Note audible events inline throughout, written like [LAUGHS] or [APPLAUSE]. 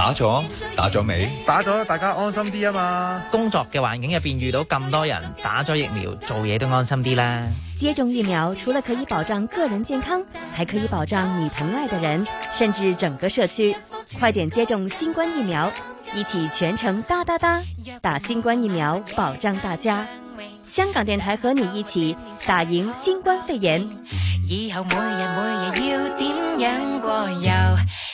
打咗，打咗未？打咗，大家安心啲啊嘛！工作嘅環境入邊遇到咁多人，打咗疫苗，做嘢都安心啲啦。接種疫苗除了可以保障個人健康，還可以保障你疼愛的人，甚至整個社區。快點接種新冠疫苗，一起全程噠噠噠打新冠疫苗，保障大家。香港電台和你一起打贏新冠肺炎。以後每日每日要點樣過游？啊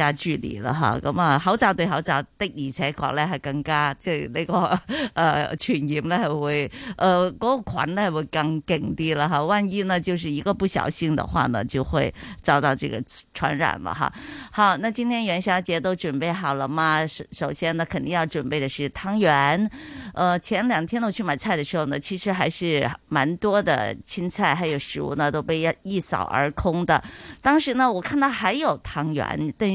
加距離了哈，那麼口罩對口罩的，而且講呢，還更加就這那個呃群飲呢，還會呃個款呢，會更更低了哈。萬一呢，就是一個不小心的話呢，就會遭到這個傳染了哈。好，那今天元宵節都準備好了嗎？首先呢，肯定要準備的是湯圓。呃，前兩天呢，我去買菜的時候呢，其實還是蠻多的青菜還有食物呢，都被一一掃而空的。當時呢，我看到還有湯圓。.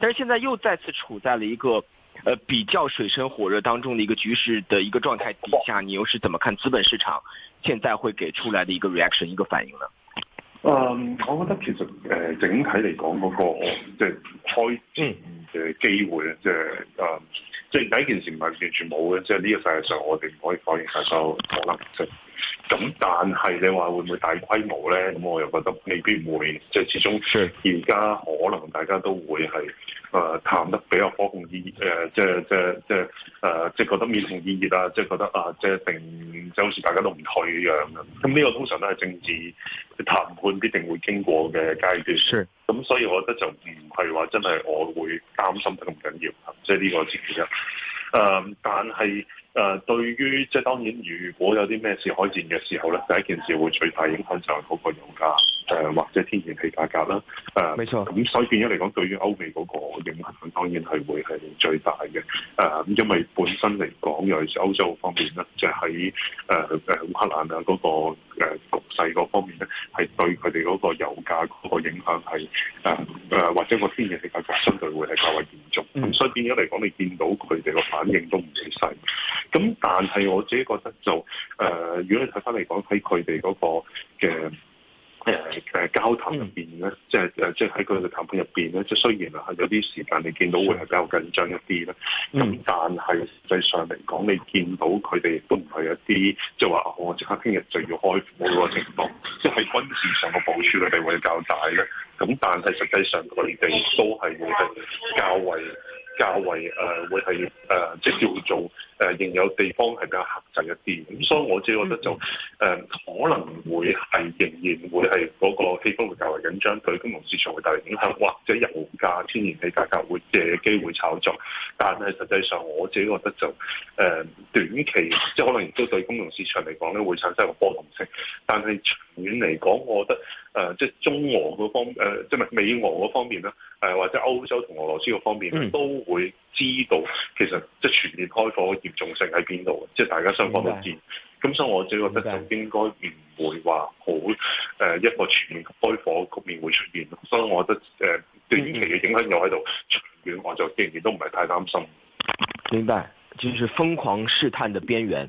但是現在又再次處在了一個，呃，比較水深火熱當中的一個局勢的一個狀態底下，你又是怎麼看資本市場現在會給出來的一個 reaction 一個反應呢？嗯，我覺得其實誒、呃、整體嚟講嗰、嗯，那個即係開戰嘅、嗯、機會咧，即係誒、嗯、即係第一件事唔係完全冇嘅，即係呢、這個世界上我哋唔可以否認晒所有可能性。咁但係你話會唔會大規模咧？咁我又覺得未必會，即係始終而家可能大家都會係誒談得比較火共意誒，即係即係即係誒，即係覺得面紅耳熱啊！即係覺得啊，即係定就好似大家都唔退一樣嘅。咁呢個通常都係政治談判必定會經過嘅階段。咁是所以我覺得就唔係話真係我會擔心得咁緊要，即係呢個之一。誒，但係。誒、呃，對於即係當然，如果有啲咩事開戰嘅時候咧，第一件事會最大影響就係嗰個油價、呃，或者天然氣價格啦。誒、呃，冇錯錯。咁、嗯、所以變咗嚟講，對於歐美嗰個影響，當然係會係最大嘅。誒、呃，因為本身嚟講，尤其是歐洲方面即係喺誒誒烏克蘭嗰個誒局勢嗰方面咧，係對佢哋嗰個油價嗰個影響係誒或者個天然氣價格相對會係較為嚴重。咁、嗯嗯、所以變咗嚟講，你見到佢哋個反應都唔幾細。咁、嗯、但係我自己覺得就誒、呃，如果你睇返嚟講喺佢哋嗰個嘅誒誒交談入邊咧，即係就即係喺佢哋嘅談判入邊咧，即係雖然啊有啲時間你見到會係比較緊張一啲咧，咁但係實際上嚟講，你見到佢哋都唔係一啲即係話、哦、我即刻聽日就要開火嗰個情況，即係軍事上嘅部署嘅地位較大咧。咁但係實際上佢哋都係會係較為。較為、呃、會係即叫做仍、呃、有地方係比較狹窄一啲，咁所以我自己覺得就、呃、可能會係仍然會係嗰個氣氛會較為緊張，對金融市場會帶嚟影響，或者油價、天然氣價格會借機會炒作。但係實際上我自己覺得就、呃、短期即可能亦都對金融市場嚟講咧會產生一個波動性，但係長遠嚟講，我覺得、呃、即中俄嗰方、呃、即咪美俄嗰方面咧？係或者歐洲同俄羅斯嗰方面都會知道，其實即係全面開火嘅嚴重性喺邊度，即係大家雙方都知。咁白所以我自己覺得，首先應該唔會話好誒一個全面開火局面會出現。白所以，我覺得誒短期嘅影響又喺度，長遠、嗯、我就仍然都唔係太擔心。明白，就是瘋狂試探嘅邊緣。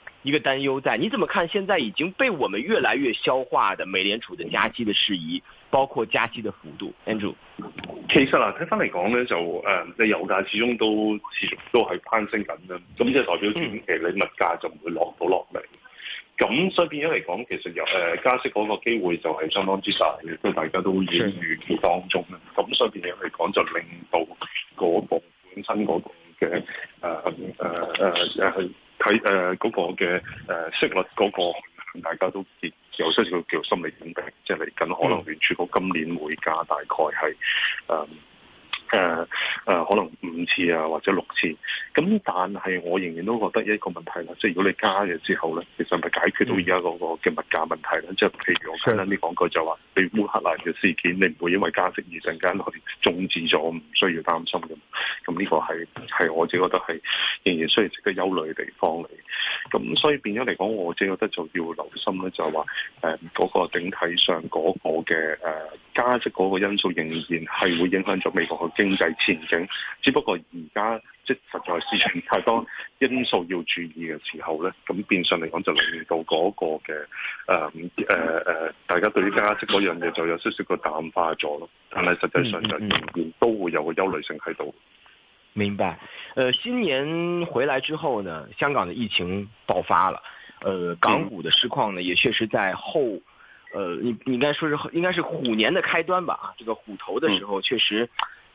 一個擔憂在，你怎麼看？現在已經被我們越來越消化的美聯儲的加息的事宜，包括加息的幅度。Andrew，其實嗱，睇翻嚟講咧，就誒，你、呃、油價始終都持續都係攀升緊啦，咁即係代表短期你、嗯、物價就唔會落到落嚟。咁所以變咗嚟講，其實油誒、呃、加息嗰個機會就係相當之大嘅，即大家都已經預期當中啦。咁所以變咗嚟講，就令到嗰個本身嗰個嘅誒誒誒，即、呃、係。呃呃呃呃睇誒嗰個嘅誒息率嗰個，大家都知有些叫叫做心理準備，即係嚟緊可能聯儲局今年會加，大概係誒誒、呃呃、可能五次啊，或者六次，咁但係我仍然都覺得一個問題啦，即、就是、如果你加嘅之後咧，其實係咪解決到而家嗰個嘅物價問題咧？即、就、係、是、譬如我啱啱啲講句就話，譬如烏克蘭嘅事件，你唔會因為加息而陣間去中止咗，唔需要擔心嘅。咁呢、這個係係我自己覺得係仍然需要值得憂慮嘅地方嚟。咁所以變咗嚟講，我自己覺得就要留心咧，就係話嗰個整體上嗰個嘅誒、呃、加息嗰個因素仍然係會影響咗美國去經濟前景，只不過而家即實在市場太多因素要注意嘅時候呢，咁變相嚟講就令到嗰個嘅誒誒誒，大家對於加息嗰樣嘢就有少少個淡化咗咯。但係實際上就仍然都會有個憂慮性喺度。明白。誒、呃、新年回來之後呢，香港嘅疫情爆發了。誒、呃、港股嘅市況呢，也確實在後，誒、呃、應應該說是應該是虎年的開端吧？啊，這個虎頭的時候確、嗯，確實。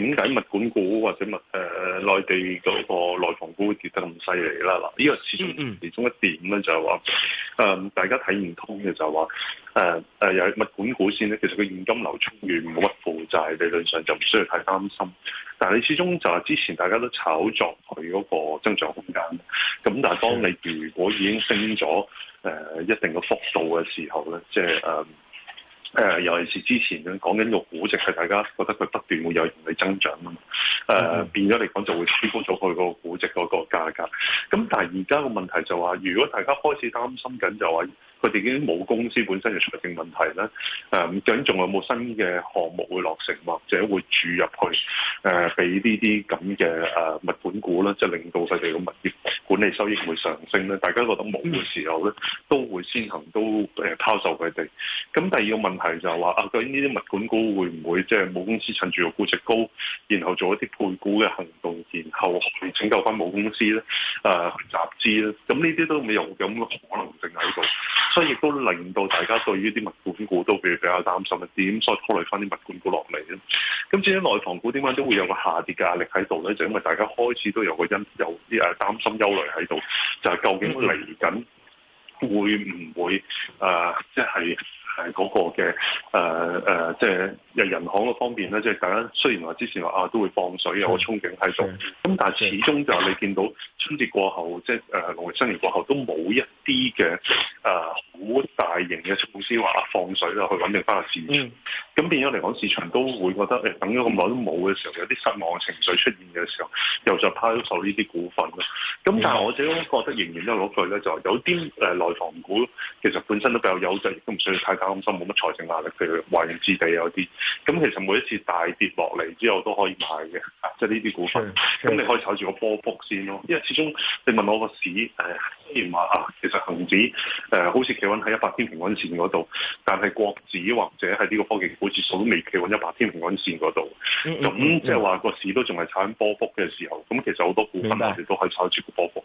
點解物管股或者物誒、呃、內地嗰個內房股會跌得咁犀利啦？嗱，呢、呢個始終其中一點咧就係話，誒、呃、大家睇唔通嘅就係話，誒、呃、誒、呃、又係物管股先咧，其實佢現金流充裕，冇乜負債，理論上就唔需要太擔心。但係你始終就係之前大家都炒作佢嗰個增長空間，咁但係當你如果已經升咗誒、呃、一定嘅幅度嘅時候咧，即係誒、呃誒、呃，尤其是之前講緊個估值係大家覺得佢不斷會有盈利增長啊嘛，呃 mm hmm. 變咗嚟講就會超高咗佢個估值嗰個價格。咁但係而家個問題就話，如果大家開始擔心緊就話，佢哋已經冇公司本身嘅財政問題咧、嗯，究竟仲有冇新嘅項目會落成，或者會注入去誒俾、呃呃、呢啲咁嘅誒物管股咧，即係令到佢哋嘅物業管理收益會上升咧？大家覺得冇嘅時候咧，都會先行都誒拋售佢哋。咁第二個問題就係話啊，究竟呢啲物管股會唔會即係母公司趁住個估值高，然後做一啲配股嘅行動，然後拯救翻母公司咧？誒集資咧？咁呢啲都未有咁嘅可能性喺度？所以亦都令到大家對於啲物管股都比較擔心啊，點所以拖累翻啲物管股落嚟咧？咁至於內房股點解都會有個下跌嘅壓力喺度咧？就因為大家開始都有個因有啲啊擔心憂慮喺度，就係、是、究竟嚟緊會唔會啊？即、呃、係。就是係嗰個嘅誒誒，即係人人行個方面咧，即係大家雖然話之前話啊都會放水有個憧憬喺度，咁但係始終就係你見到春節過後，即係誒農曆新年過後都冇一啲嘅誒好大型嘅措施話放水啦，去穩定返個市場。咁、嗯、變咗嚟講，市場都會覺得誒、哎、等咗咁耐都冇嘅時候，有啲失望嘅情緒出現嘅時候，又再拋售呢啲股份咯。咁但係我自己覺得仍然都攞住咧，就有啲誒、呃、內房股其實本身都比較優質，亦都唔需要太急。擔心冇乜財政壓力，譬如華人置地有啲，咁其實每一次大跌落嚟之後都可以買嘅，即係呢啲股份，咁你可以炒住個波幅先咯。因為始終你問我個市，誒雖然話啊，其實恒指誒、呃、好似企穩喺一百天平均線嗰度，但係國指或者係呢個科技股指數都未企穩一百天平均線嗰度，咁即係話個市都仲係炒緊波幅嘅時候，咁其實好多股份我哋都可以炒住個波幅。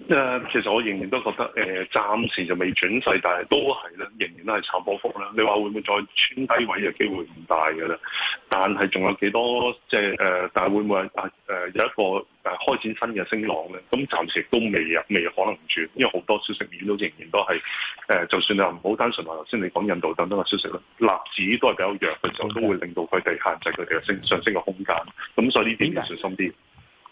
誒，其實我仍然都覺得誒、呃，暫時就未轉勢，但係都係咧，仍然都係炒波幅咧。你話會唔會再穿低位嘅機會唔大嘅啦？但係仲有幾多即係誒、呃？但係會唔會啊？誒、呃呃，有一個誒，開展新嘅升浪咧？咁暫時都未啊，未可能轉，因為好多消息面都仍然都係誒、呃，就算你話唔好單純話頭先你講印度等等嘅消息咧，粒子都係比較弱嘅時候，都會令到佢哋限制佢哋嘅升上升嘅空間。咁所以呢點要小心啲。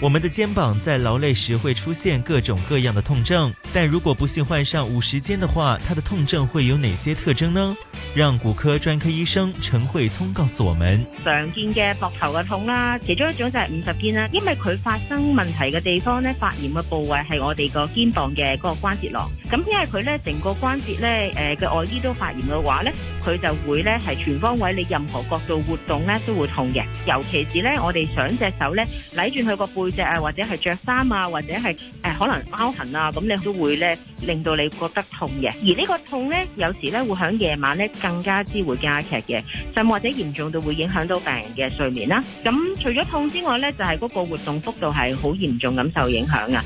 我們的肩膀在勞累時會出現各種各樣的痛症，但如果不幸患上五十肩的話，它的痛症會有哪些特徵呢？讓骨科專科醫生陳慧聰告訴我們：常見嘅膊頭嘅痛啦，其中一種就係五十肩啦，因為佢發生問題嘅地方咧，發炎嘅部位係我哋個肩膀嘅嗰個關節囊。咁因為佢咧成個關節咧，誒嘅外衣都發炎嘅話咧，佢就會咧係全方位，你任何角度活動咧都會痛嘅。尤其是咧，我哋上隻手咧，拉轉佢個背。背脊啊，或者係着衫啊，或者係誒可能凹痕啊，咁你都會咧令到你覺得痛嘅。而呢個痛咧，有時咧會喺夜晚咧更加之會加劇嘅，甚或者嚴重到會影響到病人嘅睡眠啦、啊。咁除咗痛之外咧，就係、是、嗰個活動幅度係好嚴重咁受影響啊。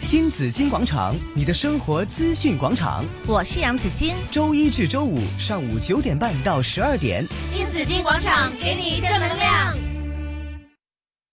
新紫荊廣場，你的生活資訊廣場，我是楊子矜，周一至周五上午九點半到十二點，新紫荊廣場給你正能量。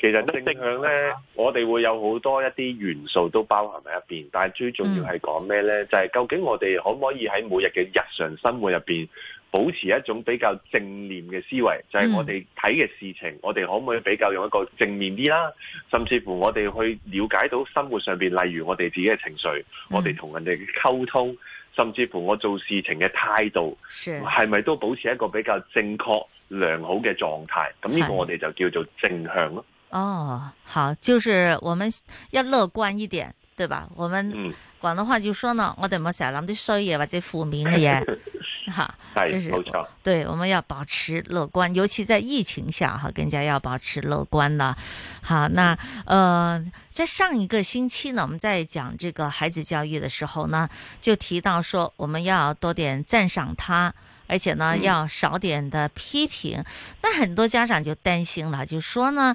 其實正向咧，嗯、我哋會有好多一啲元素都包含喺入邊，但係最重要係講咩咧？嗯、就係究竟我哋可唔可以喺每日嘅日常生活入邊，保持一種比較正面嘅思維？就係、是、我哋睇嘅事情，嗯、我哋可唔可以比較用一個正面啲啦？甚至乎我哋去了解到生活上面，例如我哋自己嘅情緒，嗯、我哋同人哋嘅溝通，甚至乎我做事情嘅態度，係咪是都保持一個比較正確良好嘅狀態？咁呢個我哋就叫做正向咯。哦，oh, 好，就是我們要樂觀一點，對吧？我們廣東話就說呢，嗯、我哋冇成日諗啲衰嘢或者負面嘅嘢，哈，就是對我們要保持樂觀，尤其在疫情下哈，更加要保持樂觀了。好，那呃，在上一個星期呢，我們在講這個孩子教育的時候呢，就提到說我們要多點讚賞他，而且呢要少點的批評。那、嗯、很多家長就擔心了，就說呢。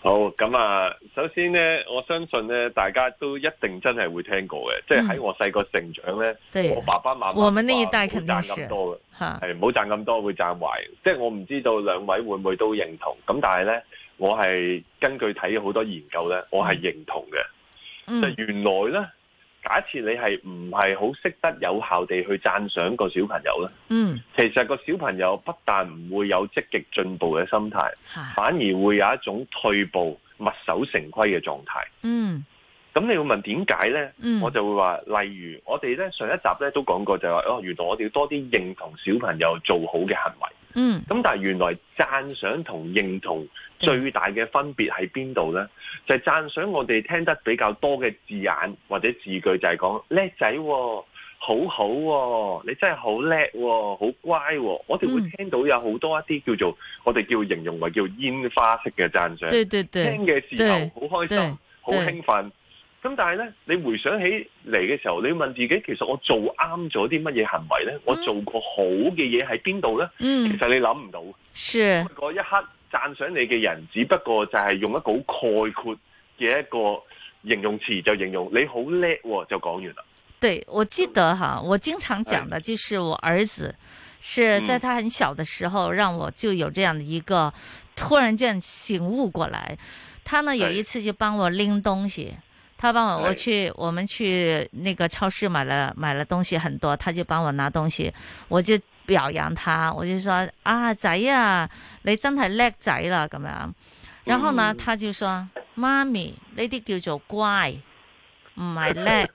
好咁啊！首先咧，我相信咧，大家都一定真係會聽過嘅，嗯、即係喺我細個成長咧，對我爸爸媽媽唔好賺咁多嘅，係唔好賺咁多會賺壞。啊、即係我唔知道兩位會唔會都認同，咁但係咧，我係根據睇好多研究咧，我係認同嘅。嗯、就原來咧。假設你係唔係好識得有效地去讚賞個小朋友咧？嗯，其實個小朋友不但唔會有積極進步嘅心態，啊、反而會有一種退步、墨守成規嘅狀態。嗯，咁你要問點解咧？嗯、我就會話，例如我哋咧，上一集咧都講過、就係，就係哦，原來我哋要多啲認同小朋友做好嘅行為。嗯，咁但係原來讚賞同認同最大嘅分別喺邊度咧？就係讚賞我哋聽得比較多嘅字眼或者字句就，就係講叻仔，好好喎，你真係好叻，好乖喎。我哋會聽到有好多一啲叫做我哋叫形容為叫煙花式嘅讚賞，對對對，聽嘅時候好開心，好興奮。咁但係咧，你回想起嚟嘅時候，你問自己，其實我做啱咗啲乜嘢行為咧？嗯、我做過好嘅嘢喺邊度咧？嗯、其實你諗唔到。是，嗰一刻讚賞你嘅人，只不過就係用一個好概括嘅一個形容詞，就形容你好叻喎，就講完啦。對，我記得哈，嗯、我經常講的，就是我兒子是在他很小的時候，讓我就有這樣的一個突然間醒悟過來。他呢有一次就幫我拎東西。他幫我我去，我們去那個超市買了買了東西很多，他就幫我拿東西，我就表揚他，我就說啊，仔啊，你真係叻仔啦，咁樣。然後呢，他就說、嗯、媽咪，呢啲叫做乖，唔係叻。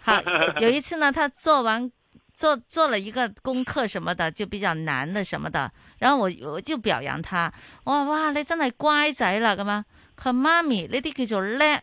好，有一次呢，他做完做做了一個功課什麼的，就比較難的什麼的，然後我我就表揚他，哇哇，你真係乖仔啦，咁樣。佢媽咪，呢啲叫做叻。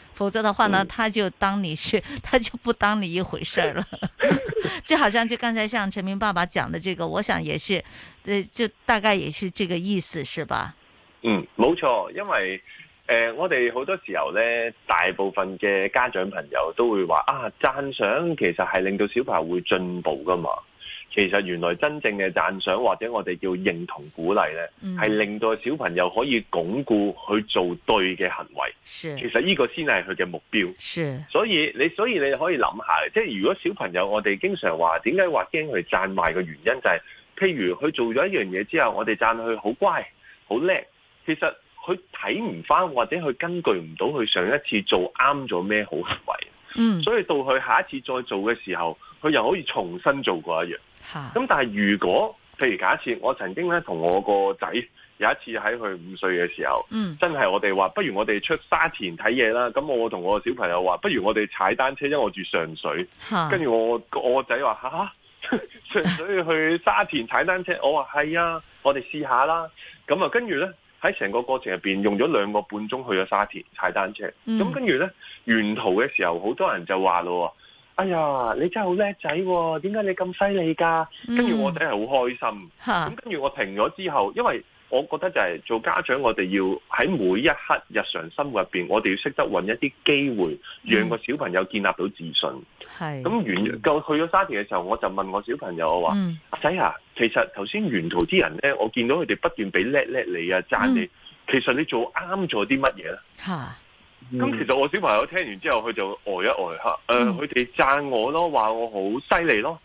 否則的話呢，他就當你是，他就不當你一回事了。 [LAUGHS] 就好像就剛才像辰民爸爸講的這個，我想也是，就大概也是這個意思，是吧？嗯，冇錯，因為誒、呃，我哋好多時候呢，大部分嘅家長朋友都會話啊，讚賞其實係令到小朋友會進步㗎嘛。其實原來真正嘅讚賞或者我哋叫認同鼓勵呢係、嗯、令到小朋友可以鞏固去做對嘅行為。是其實呢個先係佢嘅目標。是所以你所以你可以諗下，即係如果小朋友我哋經常話點解話驚佢讚壞嘅原因、就係，就係譬如佢做咗一樣嘢之後，我哋讚佢好乖好叻，其實佢睇唔翻或者佢根據唔到佢上一次做啱咗咩好行為。嗯、所以到佢下一次再做嘅時候，佢又可以重新做過一樣。咁但係如果譬如假設我曾經咧同我個仔有一次喺佢五歲嘅時候，嗯、真係我哋話不如我哋出沙田睇嘢啦。咁我同我個小朋友話不如我哋踩單車，因為我住上水。跟住、嗯、我我個仔話吓，上水去沙田踩單車？我話係啊，我哋試下啦。咁啊，跟住咧喺成個過程入邊用咗兩個半鐘去咗沙田踩單車。咁跟住咧沿途嘅時候，好多人就話咯。哎呀，你真係好叻仔，點解你咁犀利噶？跟住、嗯、我真係好開心。咁跟住我停咗之後，啊、因為我覺得就係做家長，我哋要喺每一刻日常生活入邊，我哋要識得搵一啲機會，讓個小朋友建立到自信。咁去咗沙田嘅時候，我就問我小朋友：我話阿仔啊，其實頭先沿途啲人呢，我見到佢哋不斷俾叻叻你啊，讚你。嗯、其實你做啱咗啲乜嘢呢？啊咁、嗯嗯、其實我小朋友聽完之後，佢就呆、呃、一呆、呃、吓，誒、呃，佢哋讚我咯，話我好犀利咯，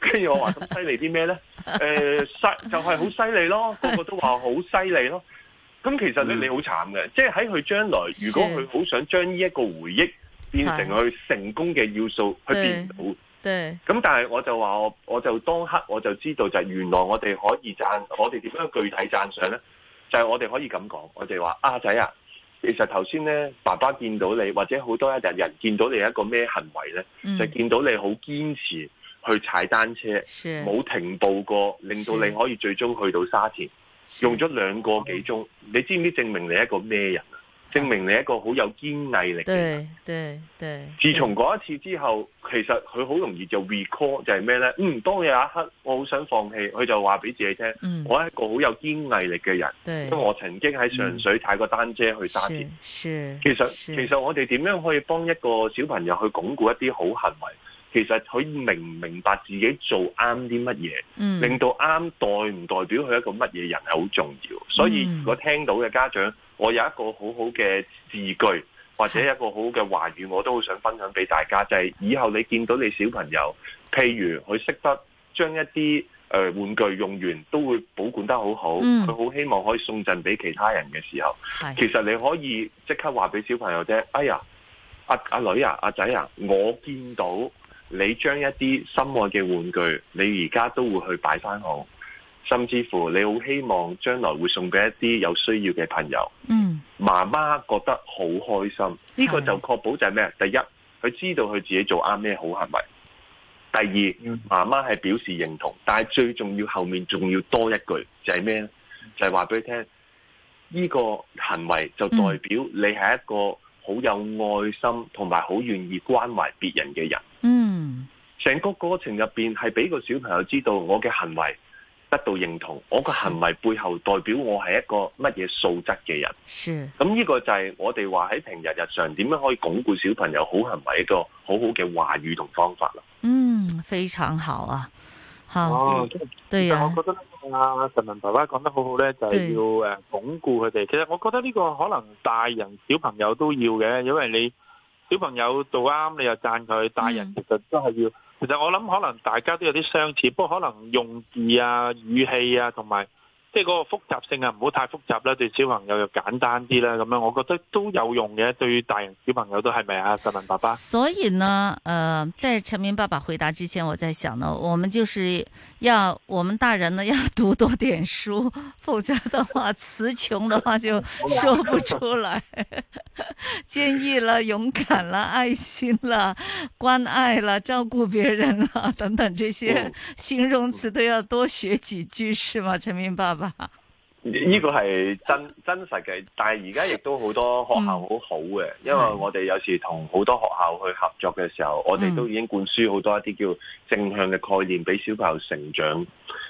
跟住、啊、 [LAUGHS] 我話咁犀利啲咩咧？誒、呃，犀 [LAUGHS] 就係好犀利咯，個個都話好犀利咯。咁、嗯嗯、其實你你好慘嘅，即係喺佢將來，如果佢好想將呢一個回憶變成佢成功嘅要素，佢的變唔到。咁但係我就話我，我就當刻我就知道就係原來我哋可以讚，我哋點樣具體讚賞咧？就係、是、我哋可以咁講，我哋話阿仔啊。其實頭先咧，爸爸見到你，或者好多人人見到你一個咩行為咧，嗯、就見到你好堅持去踩單車，冇的停步過，令到你可以最終去到沙田，的用咗兩個幾鐘，的你知唔知證明你一個咩人啊？證明你一個好有堅毅力嘅。對對對。對自從嗰一次之後，其實佢好容易就 recall 就係咩呢？嗯，當有一刻我好想放棄，佢就話俾自己聽，嗯、我係一個好有堅毅力嘅人。對。因為我曾經喺上水踩過單車去沙田。是。其實是其實我哋點樣可以幫一個小朋友去鞏固一啲好行為？其實佢明唔明白自己做啱啲乜嘢，嗯、令到啱代唔代表佢一個乜嘢人係好重要。所以如果、嗯、聽到嘅家長，我有一個好好嘅字句，或者一個好好嘅話語，我都好想分享俾大家。就係、是、以後你見到你小朋友，譬如佢識得將一啲誒、呃、玩具用完，都會保管得好好。佢好希望可以送贈俾其他人嘅時候，的其實你可以即刻話俾小朋友啫。哎呀，阿阿女啊，阿、啊、仔啊，啊，啊，我見到你將一啲心愛嘅玩具，你而家都會去擺翻好。甚至乎你好希望將來會送俾一啲有需要嘅朋友。嗯，媽媽覺得好開心，呢個就確保就係咩？第一，佢知道佢自己做啱咩好行為。第二，媽媽係表示認同，但係最重要後面仲要多一句就係咩？就係話俾佢聽，呢個行為就代表你係一個好有愛心同埋好願意關懷別人嘅人。嗯，成個過程入邊係俾個小朋友知道我嘅行為。得到認同，我個行為背後代表我係一個乜嘢素質嘅人。咁呢是個就係我哋話喺平日日常點樣可以鞏固小朋友好行為一個好好嘅話語同方法啦。嗯，非常好啊。吓，對啊。但係我覺得阿辰民爸爸講得好好呢，就係、是、要誒鞏固佢哋。對其實我覺得呢個可能大人小朋友都要嘅，因為你小朋友做啱你又讚佢，大人其實都係要、嗯。其實我諗可能大家都有啲相似，不過可能用字啊、語氣啊同埋。即係個複雜性啊，唔好太複雜啦，對小朋友又簡單啲啦，咁樣我覺得都有用嘅，對大人小朋友都係咪啊？辰民爸爸，所以呢，誒、呃，在辰民爸爸回答之前，我在想呢，我們就是要我們大人呢要讀多點書，否則的話詞窮的話就說不出來。 [LAUGHS] [LAUGHS] 建議啦、勇敢啦、愛心啦、關愛啦、照顧別人啦等等這些形容詞都要多學幾句，是嗎？辰民爸爸。呢個係真真實嘅，但係而家亦都好多學校很好好嘅，嗯、因為我哋有時同好多學校去合作嘅時候，嗯、我哋都已經灌輸好多一啲叫正向嘅概念俾小朋友成長。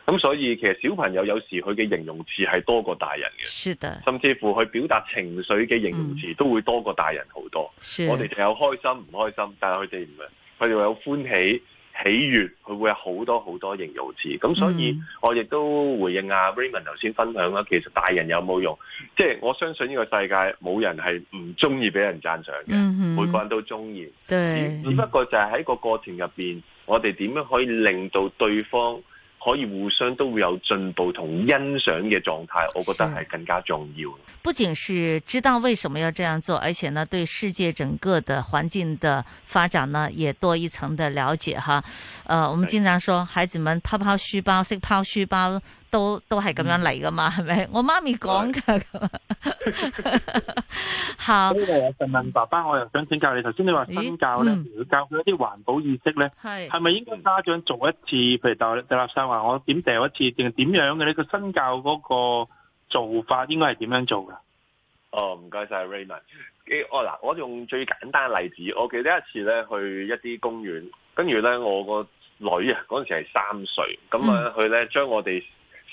咁所以其實小朋友有時佢嘅形容詞係多過大人嘅，的甚至乎佢表達情緒嘅形容詞都會多過大人好多。的我哋就有開心、唔開心，但係佢哋唔係，佢哋有歡喜。喜悅，佢會有好多好多形容詞，咁所以、嗯、我亦都回應阿 Raymond 頭先分享啦。其實大人有冇用？即係我相信呢個世界冇人係唔中意俾人讚賞嘅，嗯、哼每個人都中意。只對不過就係喺個過程入邊，我哋點樣可以令到對方，可以互相都會有進步同欣賞嘅狀態，我覺得係更加重要。是不僅是知道為什麼要這樣做，而且呢對世界整個的環境的發展呢也多一層的了解哈。呃，我們經常說，是孩子們拋拋書包，識拋書包。都都係咁樣嚟噶嘛，係咪、嗯？我媽咪講噶。吓。呢位辰民爸爸，我又想請教你。頭先你話身教咧，教佢一啲環保意識咧，係係咪應該家長做一次，嗯、譬如掉垃圾，話我點掉一次，定係點樣嘅咧？個身教嗰個做法應該係點樣做噶？哦，唔該晒 Raymond。我 Ray 嗱、啊，我用最簡單例子，我記得一次咧去一啲公園，跟住咧我個女啊，嗰陣時係三歲，咁啊佢咧將我哋。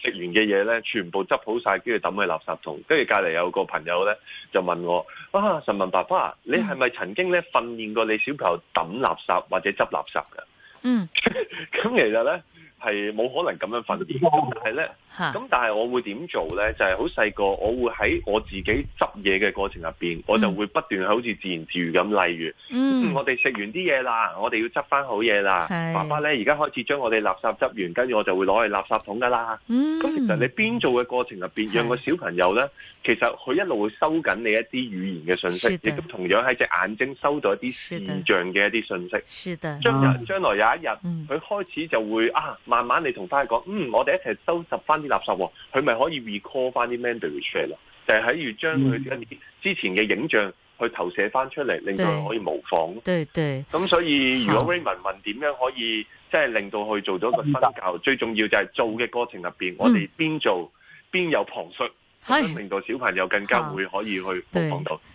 食完嘅嘢咧，全部執好晒，跟住抌去垃圾桶。跟住隔離有個朋友咧，就問我：啊，辰民爸爸，你係咪曾經咧訓練過你小朋友抌垃圾或者執垃圾㗎？嗯，咁、 [LAUGHS] 嗯、 [LAUGHS] 其實咧。係冇可能咁樣訓練，但係咧，咁但係我會點做咧？就係好細個，我會喺我自己執嘢嘅過程入邊，我就會不斷好似自言自語咁。例如，我哋食完啲嘢啦，我哋要執翻好嘢啦。爸爸咧，而家開始將我哋垃圾執完，跟住我就會攞去垃圾桶噶啦。咁其實你邊做嘅過程入邊，讓個小朋友咧，其實佢一路會收緊你一啲語言嘅信息，亦都同樣喺隻眼睛收到一啲現象嘅一啲信息。是的，將將來有一日，佢開始就會啊。.慢慢你同翻去講，嗯，我哋一齊收拾翻啲垃圾，啊，佢咪可以 recall 翻啲 memory 出嚟咯。就係喺要將佢之前嘅影像去投射翻出嚟，嗯、令到佢可以模仿。對對，咁所以如果 Raymond 問點樣可以即係、就係、令到佢做到一個新教，嗯、最重要就係做嘅過程入邊，嗯、我哋邊做邊有旁述，是令到小朋友更加會可以去模仿到。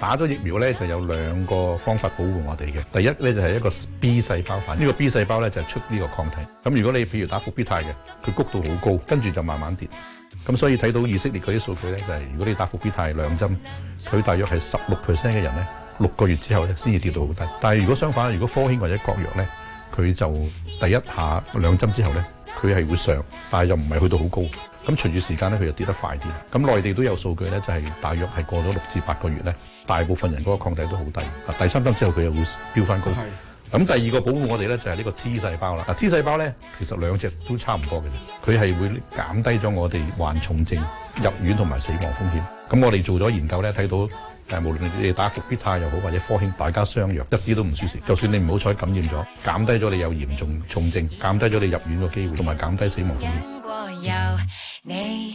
打咗疫苗咧，就有兩個方法保護我哋嘅。第一咧就係、是、一個 B 細胞反應，呢、這個 B 細胞咧就係出呢個抗體。咁如果你譬如打復必泰嘅，佢谷度好高，跟住就慢慢跌。咁所以睇到以色列佢啲數據咧，就係、是、如果你打復必泰兩針，佢大約係十六 percent 嘅人咧，六個月之後咧先至跌到好低。但係如果相反，如果科興或者國藥咧，佢就第一下兩針之後咧，佢係會上，但係又唔係去到好高。咁隨住時間咧，佢又跌得快啲。咁內地都有數據咧，就係、是、大約係過咗六至八個月咧。大部分人嗰個抗體都好低，啊，第三針之後佢又會飆返高。咁的第二個保護我哋咧就係、是、呢個 T 細胞啦。啊，T 細胞咧其實兩隻都差唔多嘅啫，佢係會減低咗我哋患重症入院同埋死亡風險。咁我哋做咗研究咧睇到，誒、啊、無論你打復必泰又好或者科興，大家相若一啲都唔輸蝕。就算你唔好彩感染咗，減低咗你有嚴重重症，減低咗你入院嘅機會，同埋減低死亡風險。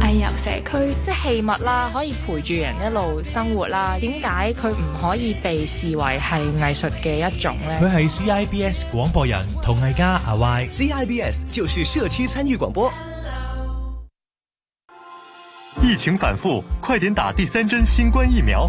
藝術社區，即係器物啦，可以陪住人一路生活啦。點解佢唔可以被視為係藝術嘅一種呢？佢係 CIBS 廣播人、同藝家阿 Y。CIBS 就是社區參與廣播。Hello 疫情反覆，快點打第三針新冠疫苗。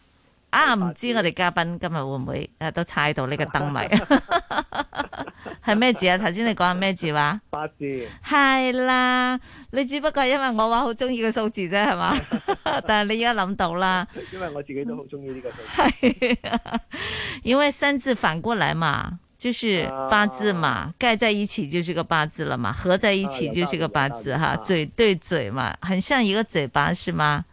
啊，唔知我哋嘉賓今日會唔會誒都猜到呢個燈謎係咩字啊？頭先你講係咩字話、啊？八字係啦，你只不過係因為我話好中意個數字啫，係嘛？ [LAUGHS] 但係你而家諗到啦，因為我自己都好中意呢個數字。係、 [LAUGHS] 啊，因為三字反過嚟嘛，就是八字嘛，蓋、啊、在一起就是個八字了嘛，合在一起就是個八字哈，啊、字字嘴對嘴嘛，很像一個嘴巴，是嗎？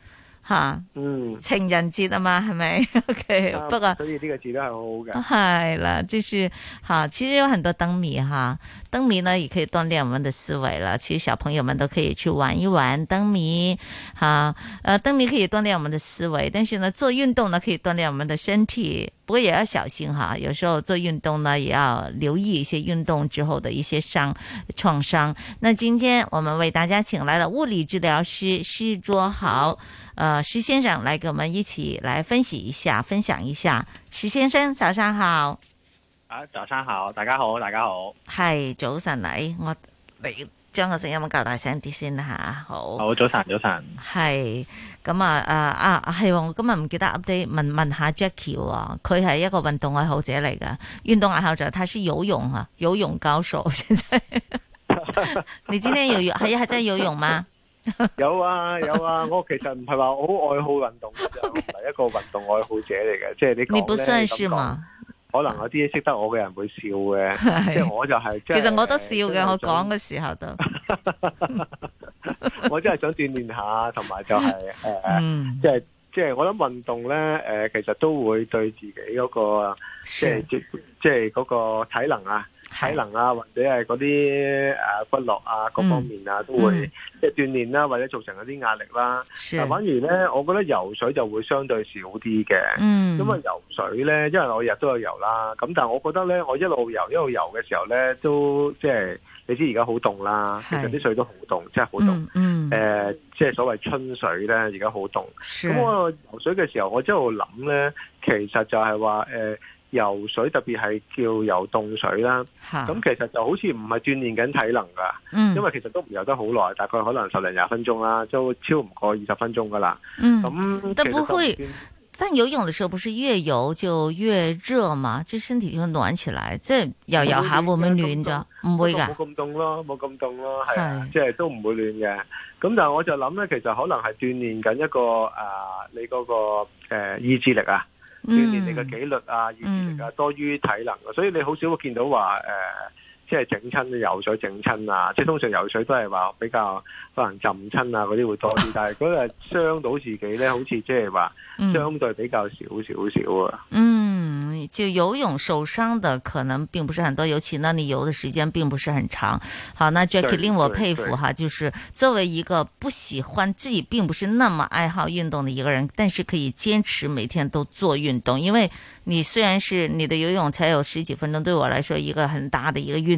吓，好嗯，情人節、okay, 啊嘛，係咪？OK，不過所以呢個字都係好好嘅，係啦，注注吓，其實有很多燈謎哈，燈謎呢也可以鍛煉我們的思維啦。其實小朋友們都可以去玩一玩燈謎，哈，呃，燈謎可以鍛煉我們的思維，但是呢，做運動呢可以鍛煉我們的身體，不過也要小心哈。有時候做運動呢，也要留意一些運動之後的一些傷創傷。那今天我們為大家請來了物理治療師施卓豪。呃，施先生來跟我們一起來分析一下，分享一下。施先生，早上好。啊，早上好，大家好，大家好。係早晨嚟，我你將個聲音較大聲啲先啦吓。好。好，早晨，早晨。係，咁啊啊啊，係、啊。我今日唔記得 update，問問下 Jacky 喎。哦，佢係一個運動愛好者嚟噶，運動愛好者，他是游泳啊，游泳高手。 [LAUGHS] [LAUGHS] 你今天游泳係，係真係游泳嗎？有啊有啊，我其實唔係話好愛好運動，就係一個運動愛好者嚟嘅，即係你本身係嘛？可能有啲識得我嘅人會笑嘅，即係我就係，其實我都笑嘅，我講嘅時候都，我真係想鍛煉下，同埋就係誒，即係即係我諗運動咧，誒，其實都會對自己嗰個即係即係嗰個體能啊。是體能啊，或者係嗰啲誒骨骼啊，各、啊、方面啊，嗯、都會即係鍛煉啦，或者造成一啲壓力啦、啊是啊。反而咧，我覺得游水就會相對少啲嘅。嗯，因為游水咧，因為我日都有游啦。咁但係我覺得咧，我一路游一路游嘅時候咧，都即係你知而家好凍啦，是其實啲水都好凍，即係好凍。嗯，誒、呃，即係所謂春水咧，而家好凍。咁是我游水嘅時候，我一路諗咧，其實就係話誒。呃游水特別係叫游凍水啦，咁的其實就好似唔係鍛煉緊體能噶嗯、因為其實都唔游得好耐，大概可能十零廿分鐘啦，都超唔過二十分鐘噶啦。咁、嗯、但不會，但游泳的時候不是越游就越熱嘛？即係身體會暖起來，即係游游下不會唔會暖咗？唔會噶，冇咁凍咯，冇咁凍咯，係即係都唔會暖嘅。咁但係我就諗咧，其實可能係鍛煉緊一個誒、呃，你嗰、嗰個誒、呃、意志力啊。鍛煉你嘅紀律啊，意志力多於體能、啊、嗯嗯，所以你好少會見到話誒。呃即係整親游水，整親啊，即係通常游水都係話比較可能浸親啊嗰啲會多啲，啊，但係嗰個傷到自己咧，好似即係話相對比較少少少啊。嗯，就游泳受傷的可能並不是很多，尤其那你游嘅時間並不是很長。好，那 Jackie 令我佩服哈，就是作為一個不喜歡，自己並不是那麼愛好運動的一個人，但是可以堅持每天都做運動，因為你雖然是你的游泳才有十幾分鐘，對我來說一個很大的一個運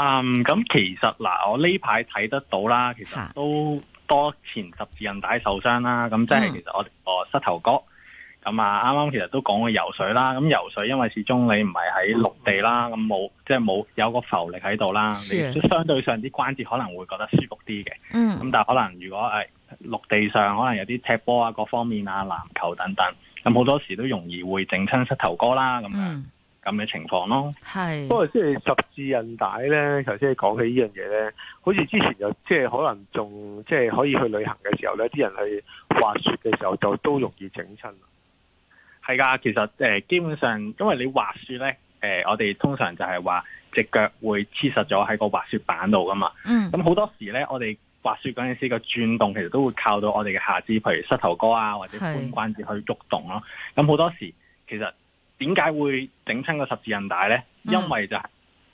Um, 嗯，咁、嗯、其實嗱，我呢排睇得到啦，其實都多前十字韌帶受傷啦。咁即係其實我、嗯、我膝頭哥，咁啊啱啱其實都講過游水啦。咁游水因為始終你唔係喺陸地啦，咁冇即係冇有個、就是、浮力喺度啦，的你相對上啲關節可能會覺得舒服啲嘅。嗯。咁但係可能如果誒陸、哎、地上可能有啲踢波啊，各方面啊，籃球等等，咁好、嗯、多時都容易會整親膝頭哥啦。咁樣。嗯咁嘅情況咯，係，不過即係十字韌帶咧。頭先你講起呢樣嘢咧，好似之前就即係可能仲即係可以去旅行嘅時候咧，啲人去滑雪嘅時候就都容易整親。係噶，其實誒基本上，因為你滑雪咧，誒、呃、我哋通常就係話隻腳會黐實咗喺個滑雪板度噶嘛。咁好多時咧，我哋滑雪嗰陣時個轉動其實都會靠到我哋嘅下肢，譬如膝頭哥啊或者髖關節去喐動咯、啊。咁好多時其實。點解會整親個十字韌帶呢？因為就係、是、誒、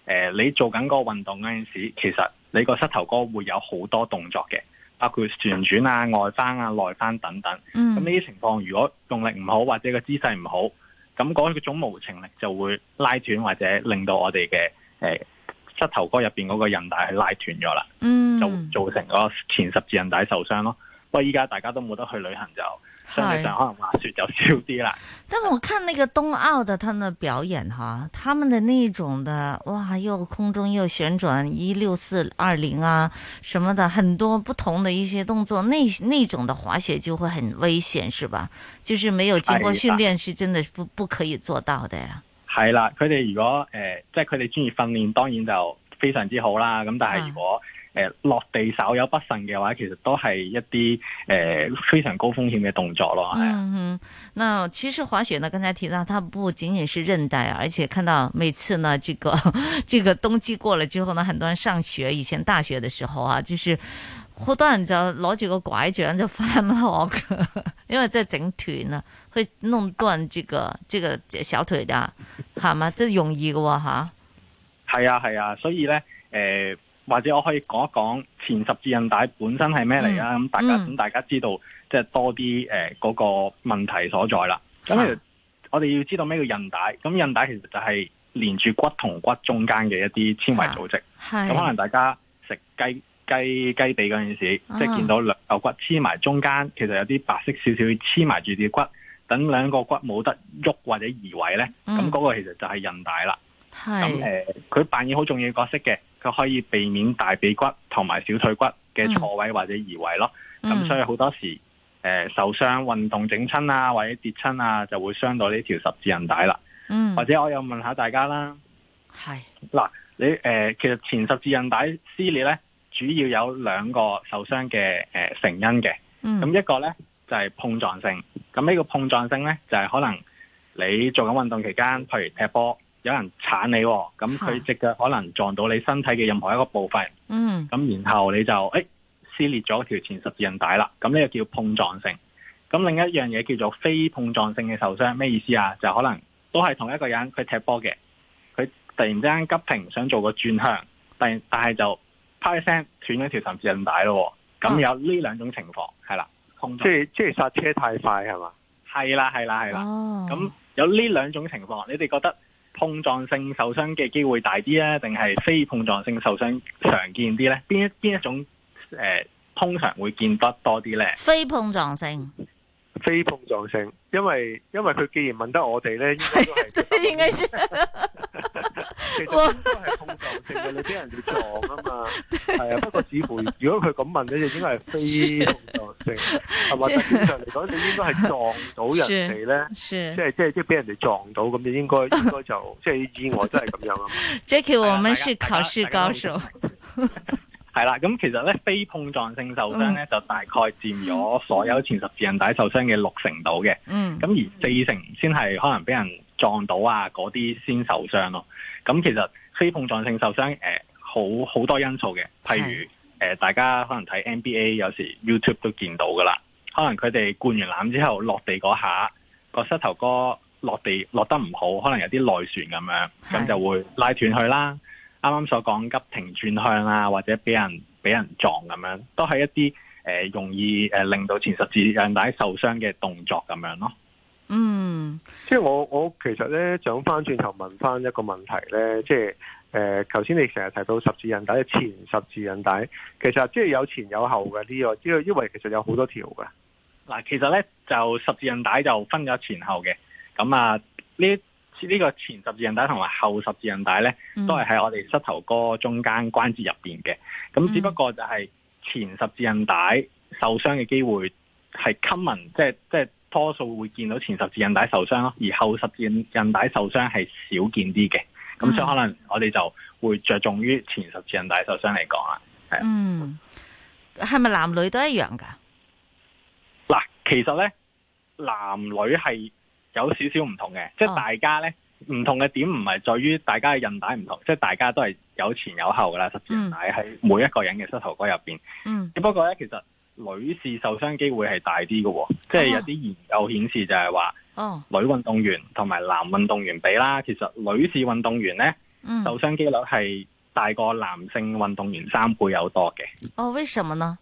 mm. 呃，你做緊個運動嗰陣時，其實你個膝頭哥會有好多動作嘅，包括旋轉啊、外翻啊、內翻等等。咁呢啲情況，如果動力唔好或者個姿勢唔好，咁嗰個種無情力就會拉斷或者令到我哋嘅誒膝頭哥入邊嗰個韌帶係拉斷咗啦，mm. 就造成個前十字韌帶受傷咯。不過依家大家都冇得去旅行就。實可能滑雪就少啲啦，但我看那個冬奧的他們的表演哈，他們的那種的哇，又空中又旋轉一六四二零啊，什麼的很多不同的一些動作，那那種的滑雪就會很危險，是吧？就是沒有經過訓練是真的不不可以做到的呀。係啦，佢哋如果誒，即係佢哋專業訓練，當然就非常之好啦。咁但係如果，誒、呃，落地稍有不慎嘅話，其實都係一啲誒、呃、非常高風險嘅動作咯。嗯嗯，那其實滑雪呢，剛才提到，它不僅僅是韌帶，而且看到每次呢，這個這個冬季過了之後呢，很多人上學，以前大學嘅時候啊，就是好多人就攞住個拐杖就翻學㗎，因為真係整斷啊，會弄斷這個 [LAUGHS] 這個小腿㗎是這是的啊，係嘛、啊，真係容易㗎吓。係啊係啊，所以咧，誒、呃。或者我可以講一講前十字韌帶本身係咩嚟啦？咁大家咁大家知道即係、就是、多啲誒嗰個問題所在啦。咁其實啊，我哋要知道咩叫韌帶？咁韌帶其實就係連住骨同骨中間嘅一啲纖維組織。咁、啊、可能大家食雞雞雞髀嗰陣時候，是啊、即係見到兩頭骨黐埋中間，其實有啲白色少少黐埋住條骨，等兩個骨冇得喐或者移位咧，咁嗰、嗯、個其實就係韌帶啦。咁誒是，佢、呃、扮演好重要嘅角色嘅。可以避免大髀骨同埋小腿骨嘅錯位或者移位咯，咁、嗯、所以好多時誒、呃、受傷運動整親啊或者跌親啊就會傷到呢條十字韌帶啦，嗯、或者我又問下大家啦，係嗱是你誒、呃、其實前十字韌帶撕裂咧主要有兩個受傷嘅誒成因嘅，咁、嗯、一個咧就係、是、碰撞性，咁呢個碰撞性咧就係、是、可能你做緊運動期間，譬如踢波。有人鏟你，咁佢隻腳可能撞到你身體嘅任何一個部分，咁、啊嗯、然後你就誒、哎、撕裂咗條前十字韌帶啦。咁呢個叫碰撞性。咁另一樣嘢叫做非碰撞性嘅受傷，咩意思啊？就是、可能都係同一個人，佢踢波嘅，佢突然之間急停想做個轉向，但但係就啪一聲斷咗條十字韌帶咯。咁有呢兩種情況係啦，啊、即係即係剎車太快係嘛？係啦，係啦，係啦，咁、哦、有呢兩種情況，你哋覺得？碰撞性受傷嘅機會大啲呢，定係非碰撞性受傷常見啲呢？邊一邊一種、呃、通常會見得多啲呢？非碰撞性。非碰撞性，因為因為佢既然問得我哋咧，應該係， [LAUGHS] 應該 [LAUGHS] 其實都係碰撞性嘅，我 你俾人哋撞啊嘛，係啊 [LAUGHS] 對。對不過似乎如果佢咁問你就應該係非碰撞性的，係嘛是？正常嚟講，你應該係撞到人哋咧，即係即係即係俾人哋撞到，咁就應該應該就即係意外，都係咁樣咯。Jackie， [LAUGHS] 啊、我們是考試高手。 [LAUGHS] 係啦，咁其實咧非碰撞性受傷咧，就大概佔咗所有前十字韌帶受傷嘅六成度嘅。嗯，咁而四成先係可能俾人撞到啊嗰啲先受傷咯。咁其實非碰撞性受傷誒、呃，好好多因素嘅，譬如、呃、大家可能睇 NBA 有時 YouTube 都見到噶啦，可能佢哋灌完籃之後落地嗰下個膝頭哥落地落得唔好，可能有啲內旋咁樣，咁就會拉斷去啦。啱啱所講急停轉向啦、啊，或者俾人俾人撞咁樣，都係一啲誒、呃、容易誒、呃、令到前十字韌帶受傷嘅動作咁樣咯。嗯，即係我我其實咧，想翻轉頭問翻一個問題咧，即係誒頭先你成日提到十字韌帶嘅前十字韌帶，其實即係有前有後嘅呢、這個，因為因為其實有好多條㗎。嗱，其實咧就十字韌帶就分咗前後嘅，咁啊呢。呢個前十字韌帶同埋後十字韌帶咧，都係喺我哋膝頭哥中間關節入邊嘅。咁只不過就係前十字韌帶受傷嘅機會係 common，即係即係多數會見到前十字韌帶受傷咯，而後十字韌帶受傷係少見啲嘅。咁所以可能我哋就會着重於前十字韌帶受傷嚟講啦。嗯，係咪男女都一樣噶？嗱，其實咧，男女係。有少少唔同嘅，即係大家咧唔、oh. 同嘅點，唔係在於大家嘅韌帶唔同，即係大家都係有前有後噶啦，十字韌帶喺每一個人嘅膝頭哥入邊。嗯，只不過咧，其實女士受傷機會係大啲嘅，即係有啲研究顯示就係話，哦，oh. oh. 女運動員同埋男運動員比啦，其實女士運動員咧，mm. 受傷機率係大過男性運動員三倍有多嘅。哦，oh, 為什麼呢？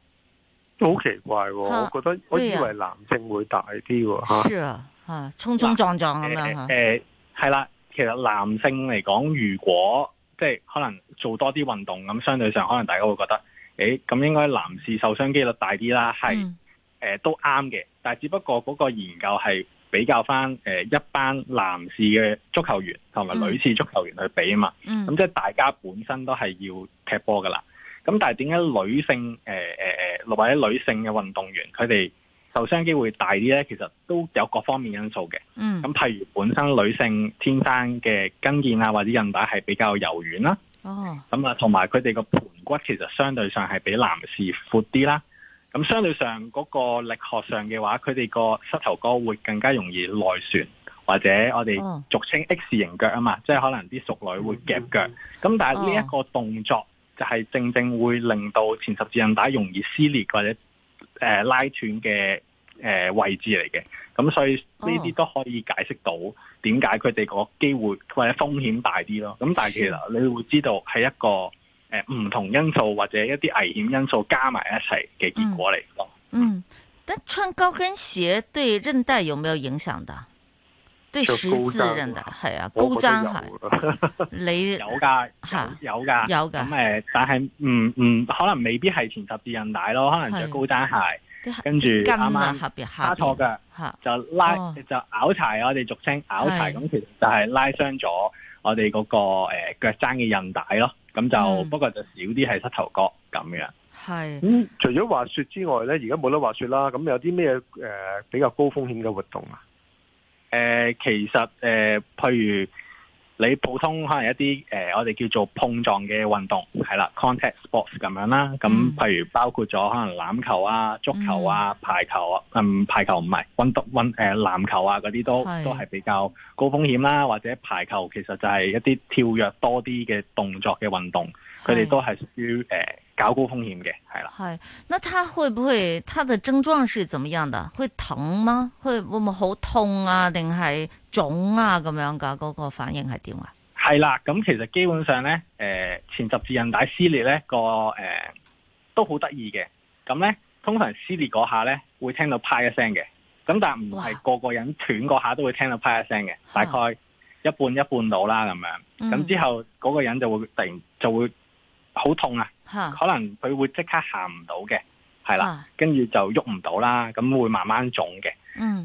好奇怪、哦，啊、我覺得、啊、我以為男性會大啲、哦，吓、啊。啊，沖沖撞撞，咁樣誒，係、呃、啦、呃，其實男性嚟講，如果即係可能做多啲運動咁，相對上可能大家會覺得，誒、欸，咁應該男士受傷幾率大啲啦，係誒、呃、都啱嘅。但係只不過嗰個研究係比較翻誒一班男士嘅足球員同埋女士足球員去比啊嘛，咁、嗯、即係大家本身都係要踢波噶啦。咁但係點解女性誒誒誒，或者女性嘅運動員佢哋受傷機會大啲咧，其實都有各方面因素嘅。嗯，咁譬如本身女性天生嘅跟腱啊或者韌帶係比較柔軟啦。哦，咁啊，同埋佢哋個盆骨其實相對上係比男士闊啲啦。咁相對上嗰個力學上嘅話，佢哋個膝頭哥會更加容易內旋，或者我哋俗稱 X 型腳啊嘛，即係、哦、可能啲熟女會夾腳。咁、嗯嗯、但係呢一個動作就係正正會令到前十字韌帶容易撕裂，或者～誒，拉斷嘅，誒位置嚟嘅，咁所以呢啲都可以解釋到點解佢哋個機會或者風險大啲咯。咁但係其實你會知道係一個誒唔同因素或者一啲危險因素加埋一齊嘅結果嚟咯。嗯。嗯，但穿高跟鞋對韌帶有冇影響的？對十字韌帶係啊，高踭鞋，你有噶，有噶，有噶。咁誒，但係唔唔可能未必係前十字韌帶咯，可能着高踭鞋，跟住啱啱差錯腳，就拉就拗柴，我哋俗稱拗柴，咁其實就係拉傷咗我哋嗰個誒腳踭嘅韌帶咯。咁就不過就少啲係膝頭角咁樣。係。嗯，除咗滑雪之外咧，而家冇得滑雪啦。咁有啲咩誒比較高風險嘅活動啊？呃、其實誒、呃，譬如你普通可能一啲誒、呃，我哋叫做碰撞嘅運動係啦，contact sports 咁樣啦。咁譬如包括咗可能籃球啊、足球啊、排球啊，嗯，嗯，排球唔係，運動、運、呃、籃球啊嗰啲都是都係比較高風險啦。或者排球其實就係一啲跳躍多啲嘅動作嘅運動，佢哋都係屬於搞高風險嘅係啦，係，那他會不會他的症狀是怎麼樣的？會疼嗎？會會唔會好痛啊？定係腫啊？咁樣噶嗰、那個反應係點啊？係啦，咁其實基本上咧，誒、呃、前十字韌帶撕裂咧個誒、呃、都好得意嘅。咁咧通常撕裂嗰下咧會聽到啪一聲嘅，咁但係唔係個個人斷嗰下都會聽到啪一聲嘅，哇大概一半一半到啦咁樣。咁、嗯、之後嗰、那個人就會突然就會好痛啊！可能佢會即刻行唔到嘅，係啦，跟住、啊、就喐唔到啦，咁會慢慢腫嘅。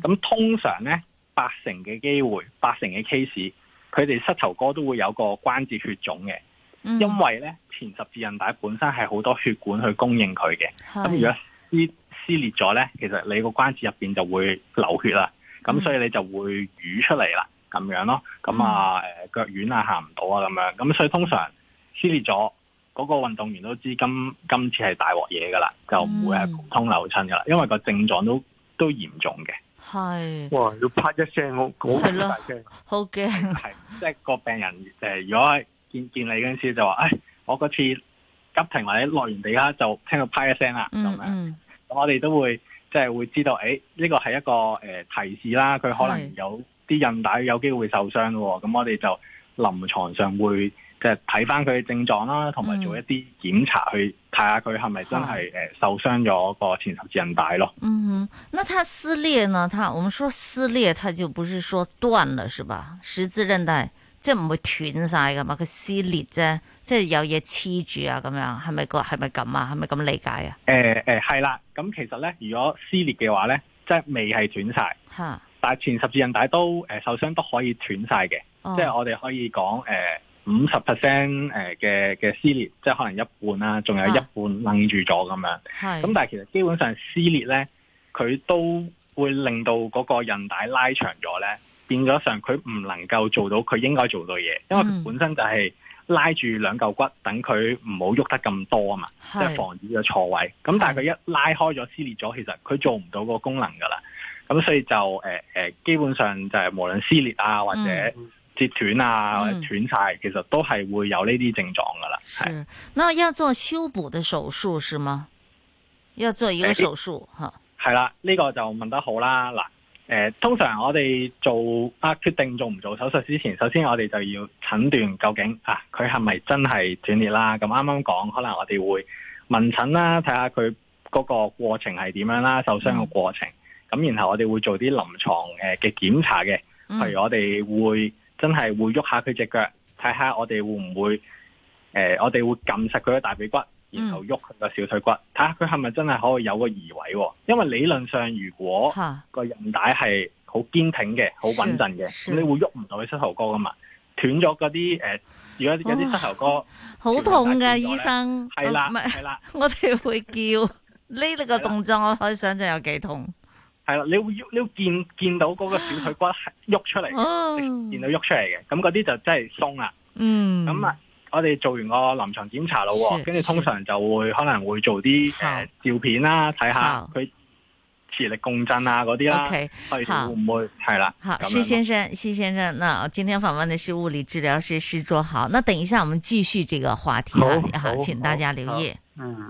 咁、嗯、通常咧，八成嘅機會，八成嘅 case，佢哋膝頭哥都會有個關節血腫嘅。嗯、哼因為咧，前十字韌帶本身係好多血管去供應佢嘅。咁、嗯、哼如果撕撕裂咗咧，其實你個關節入邊就會流血啦。咁、嗯、哼所以你就會瘀出嚟啦，咁樣咯。咁、嗯、哼啊，誒、呃，腳軟啊，行唔到啊，咁樣。咁所以通常撕裂咗。嗰個運動員都知今今次係大鑊嘢噶啦，就唔會係普通扭親噶啦，因為個症狀都都嚴重嘅。係的哇！要拍一聲好，好驚。係好即係個病人誒，如果見見你嗰陣時就話，誒、哎，我嗰次急停或者落完地下，就聽到拍一聲啦，咁樣、嗯。咁我哋都會即係、就是、會知道，誒呢個係一個、呃、提示啦，佢可能有啲韌的帶有機會受傷喎、哦。咁我哋就臨床上會。即係睇翻佢嘅症狀啦，同埋做一啲檢查去睇下佢係咪真係誒受傷咗個前十字韌帶咯。嗯哼，那他撕裂呢？他我們說撕裂，他就不是說斷了，是吧？十字韌帶即係唔會斷晒噶嘛，佢撕裂啫，即係有嘢黐住啊，咁樣係咪個係咪咁啊？係咪咁理解啊？誒誒，係啦。咁其實咧，如果撕裂嘅話咧，即係未係斷晒。吓，但係前十字韌帶都誒受傷都可以斷晒嘅。哦，即係我哋可以講誒。呃五十 percent 誒嘅嘅撕裂，即係可能一半啦，仲有一半掹住咗咁樣。係。咁但係其實基本上撕裂咧，佢都會令到嗰個韌帶拉長咗咧，變咗上佢唔能夠做到佢應該做到嘢，因為本身就係拉住兩嚿骨，等佢唔好喐得咁多啊嘛，即係是防止咗錯位。咁但係佢一拉開咗撕裂咗，其實佢做唔到個功能㗎啦。咁所以就、呃、基本上就係無論撕裂啊或者。折斷啊，斷晒。嗯、其實都係會有呢啲症狀噶啦。係，那要做修補嘅手術是嗎？要做一個手術吓？係啦、呃、呢、啊呢個就問得好啦。嗱，誒、呃，通常我哋做啊決定做唔做手術之前，首先我哋就要診斷究竟啊，佢係咪真係斷裂啦？咁啱啱講，可能我哋會問診啦，睇下佢嗰個過程係點樣啦，受傷嘅過程。咁、嗯、然後我哋會做啲臨床嘅檢查嘅，譬、嗯、如我哋會。真係會喐下佢隻腳，睇下我哋會唔會，誒、呃，我哋會撳實佢個大髀骨，然後喐佢個小腿骨，睇下佢係咪真係可以有個移位，哦。因為理論上如果個韌帶係好堅挺嘅、好穩陣嘅，你會喐唔到佢膝頭哥㗎嘛？斷咗嗰啲誒，如果有啲膝頭哥，好、哦、痛嘅醫生，係啦，係、啊、 [LAUGHS] 啦，我哋會叫呢個動作 [LAUGHS] 啦，我可以想象有幾痛。係啦，你會你會見見到嗰個小腿骨喐出嚟，見到喐出嚟嘅，咁嗰啲就真係鬆啦。嗯，咁啊，我哋做完個臨床檢查咯，跟住通常就會可能會做啲誒照片啦，睇下佢磁力共振啊嗰啲啦，OK，係會唔會？係啦。好，施先生，施先生，那今天訪問嘅是物理治療師施卓豪，那等一下我們繼續這個話題，好，請大家留意。嗯。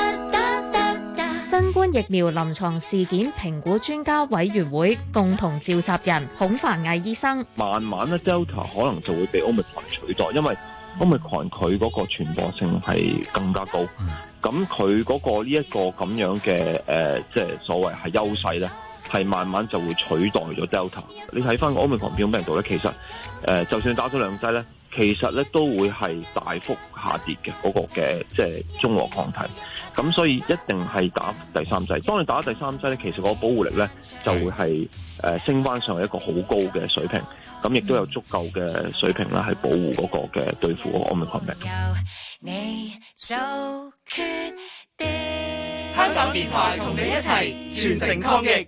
新冠疫苗臨床事件評估專家委員會共同召集人孔凡毅醫生，慢慢咧，Delta 可能就會被 Omicron 取代，因為 Omicron 佢嗰個傳播性係更加高，咁佢嗰個呢一個咁樣嘅誒、呃，即係所謂係優勢咧，係慢慢就會取代咗 Delta。你睇翻個 Omicron 疫苗病毒咧，其實誒、呃，就算打咗兩劑咧，其實咧都會係大幅下跌嘅嗰、嗰個嘅即係中和抗體，咁所以一定係打第三劑。當你打第三劑咧，其實嗰個保護力咧、嗯、就會係誒、呃、升翻上一個好高嘅水平，咁亦都有足夠嘅水平啦，係保護嗰個嘅對付嗰個 Omicron。香港電台同你一齊全城抗疫。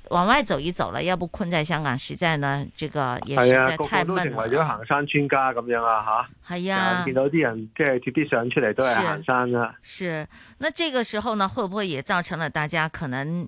往外走一走了，要不困在香港，實在呢，這個也實在太悶了。啊，個個都成為咗行山專家咁樣啊。吓、啊。係呀、啊，見到啲人即係貼啲相出嚟都係行山啊是。是，那這個時候呢，會不會也造成了大家可能？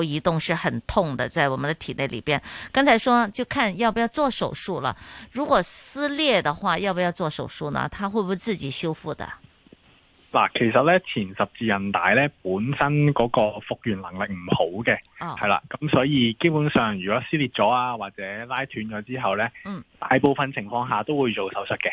移動是很痛的，在我們的體內裏邊。剛才說就看要不要做手術了。如果撕裂的話，要不要做手術呢？它會不會自己修復的？嗱，其實咧前十字韌帶咧本身嗰個復原能力唔好嘅，係啦、哦，咁所以基本上如果撕裂咗啊或者拉斷咗之後咧，嗯、大部分情況下都會做手術嘅。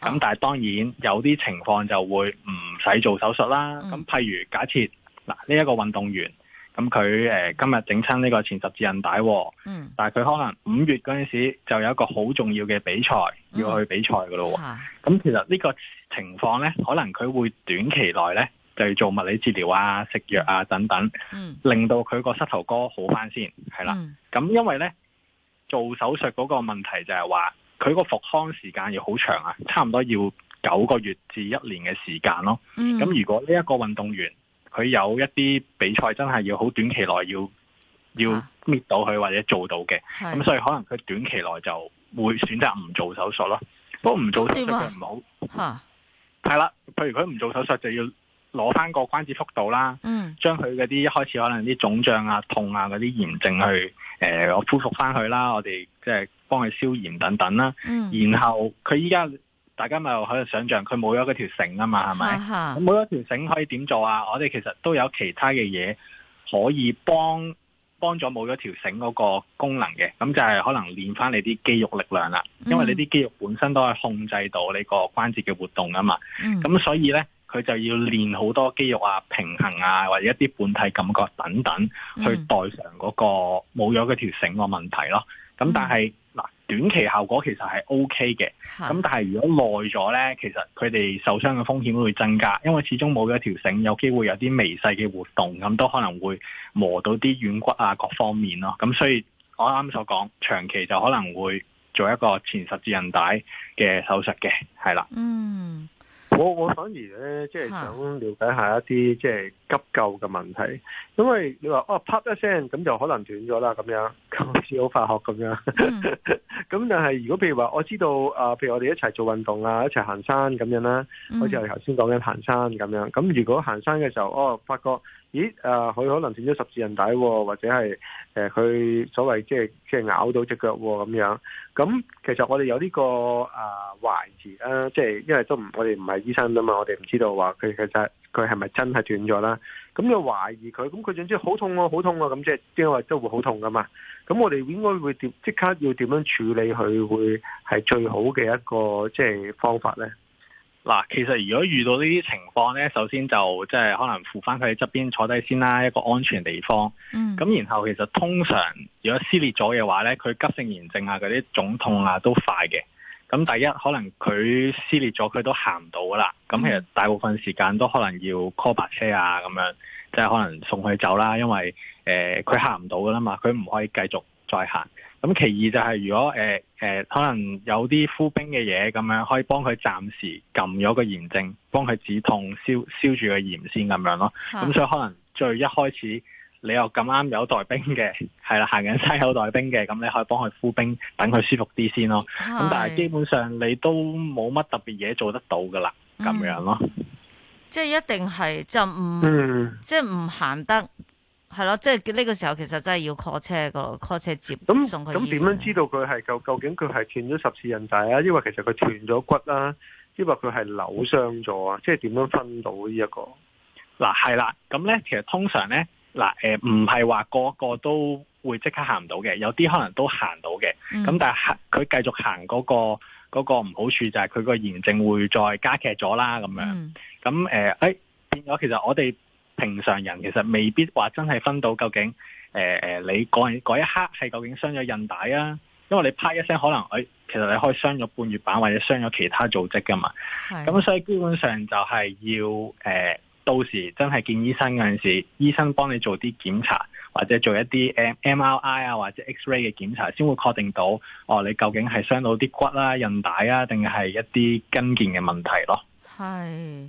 咁、哦、但係當然有啲情況就會唔使做手術啦。咁譬、嗯、如假設嗱呢一個運動員。咁佢誒，今日整親呢個前十字韌帶，啊，嗯、但係佢可能五月嗰陣時就有一個好重要嘅比賽，嗯、要去比賽噶咯。咁、嗯、其實呢個情況咧，可能佢會短期內咧就做物理治療啊、食藥啊等等，嗯、令到佢個膝頭哥好翻先，係啦。咁、嗯、因為咧做手術嗰個問題就係話，佢個復康時間要好長啊，差唔多要九個月至一年嘅時間咯。咁、嗯、如果呢一個運動員，佢有一啲比賽真係要好短期內要要搣到佢或者做到嘅，咁、啊嗯、所以可能佢短期內就會選擇唔做手術咯。不過唔做手術佢唔好嚇，係啦、啊啊。譬如佢唔做手術就要攞翻個關節幅度啦，嗯、將佢嗰啲一開始可能啲腫脹啊、痛啊嗰啲炎症去、呃、我恢復翻佢啦。我哋即係幫佢消炎等等啦。嗯、然後佢依家。大家咪可以想象，佢冇咗嗰條繩啊嘛，係咪？冇咗 [MUSIC] 條繩可以點做啊？我哋其實都有其他嘅嘢可以幫幫咗冇咗條繩嗰個功能嘅，咁就係可能練翻你啲肌肉力量啦。因為你啲肌肉本身都係控制到你個關節嘅活動啊嘛。咁所以呢，佢就要練好多肌肉啊、平衡啊，或者一啲本體感覺等等，去代償嗰個冇咗嗰條繩個問題咯。咁但係， [MUSIC] 嗱，短期效果其實係 OK 嘅，咁但係如果耐咗咧，其實佢哋受傷嘅風險會增加，因為始終冇咗條繩，有機會有啲微細嘅活動，咁都可能會磨到啲軟骨啊各方面咯，咁所以我啱啱所講，長期就可能會做一個前十字韌帶嘅手術嘅，係啦。嗯。我我反而咧，即、就、係、是、想了解一下一啲即係急救嘅問題，因為你話哦、啊、啪一聲，咁就可能斷咗啦，咁樣好似好化學咁樣。咁 [LAUGHS] 但係如果譬如話，我知道啊，譬如我哋一齊做運動啊，一齊行山咁樣啦，好似我哋頭先講緊行山咁樣。咁如果行山嘅時候，哦、啊、發覺。咦？誒、啊，佢可能斷咗十字韌帶喎，或者係誒佢所謂即係即係咬到隻腳咁、啊、樣。咁其實我哋有呢、這個誒、啊、懷疑啦、啊，即、就、係、是、因為都唔，我哋唔係醫生啊嘛，我哋唔知道話佢其實佢係咪真係斷咗啦。咁要懷疑佢，咁佢總之好痛喎、啊，好痛喎、啊，咁即係即係話都會好痛噶嘛。咁我哋應該會即刻要點樣處理佢，會係最好嘅一個即係、就是、方法咧？嗱，其實如果遇到呢啲情況咧，首先就即係可能扶翻佢喺側邊坐低先啦，一個安全地方。嗯。咁然後其實通常如果撕裂咗嘅話咧，佢急性炎症啊嗰啲腫痛啊都快嘅。咁第一可能佢撕裂咗佢都行唔到啦。咁、嗯、其實大部分時間都可能要 call 白車啊，咁樣即係、就是、可能送佢走啦，因為佢、呃、行唔到噶啦嘛，佢唔可以繼續再行。咁其二就係、是、如果誒誒、呃呃、可能有啲敷冰嘅嘢咁樣，可以幫佢暫時撳咗個炎症，幫佢止痛消消住個炎先咁樣咯。咁的、嗯、所以可能最一開始你又咁啱有袋冰嘅，係啦，行緊山有袋冰嘅，咁你可以幫佢敷冰，等佢舒服啲先咯。咁的但係基本上你都冇乜特別嘢做得到噶啦，咁樣咯。嗯、即係一定係就唔、嗯、即係唔行得。係咯，即係呢個時候其實真係要 call 車個 call 車接咁送佢。咁點樣知道佢係究究竟佢係斷咗十字韌帶啊？抑或其實佢斷咗骨啊？抑或佢係扭傷咗啊？即係點樣分到呢、這、一個？嗱、嗯，係啦、嗯，咁咧其實通常咧，嗱、呃，誒，唔係話個個都會即刻行唔到嘅，有啲可能都行到嘅，咁、嗯、但係佢繼續行嗰、嗰個、嗰個唔好處就係佢個炎症會再加劇咗啦，咁樣、嗯。咁誒，誒、呃，變、哎、咗，其實我哋。平常人其實未必話真係分到究竟，誒、呃、誒，你嗰一刻係究竟傷咗韌帶啊？因為你啪一聲，可能、欸、其實你可以傷咗半月板或者傷咗其他組織噶嘛。咁係所以基本上就係要誒、呃，到時真係見醫生嗰陣時候，醫生幫你做啲檢查，或者做一啲 MRI 啊或者 X-ray 嘅檢查，先會確定到哦、呃，你究竟係傷到啲骨啦、啊、韌帶啊，定係一啲筋腱嘅問題咯。係。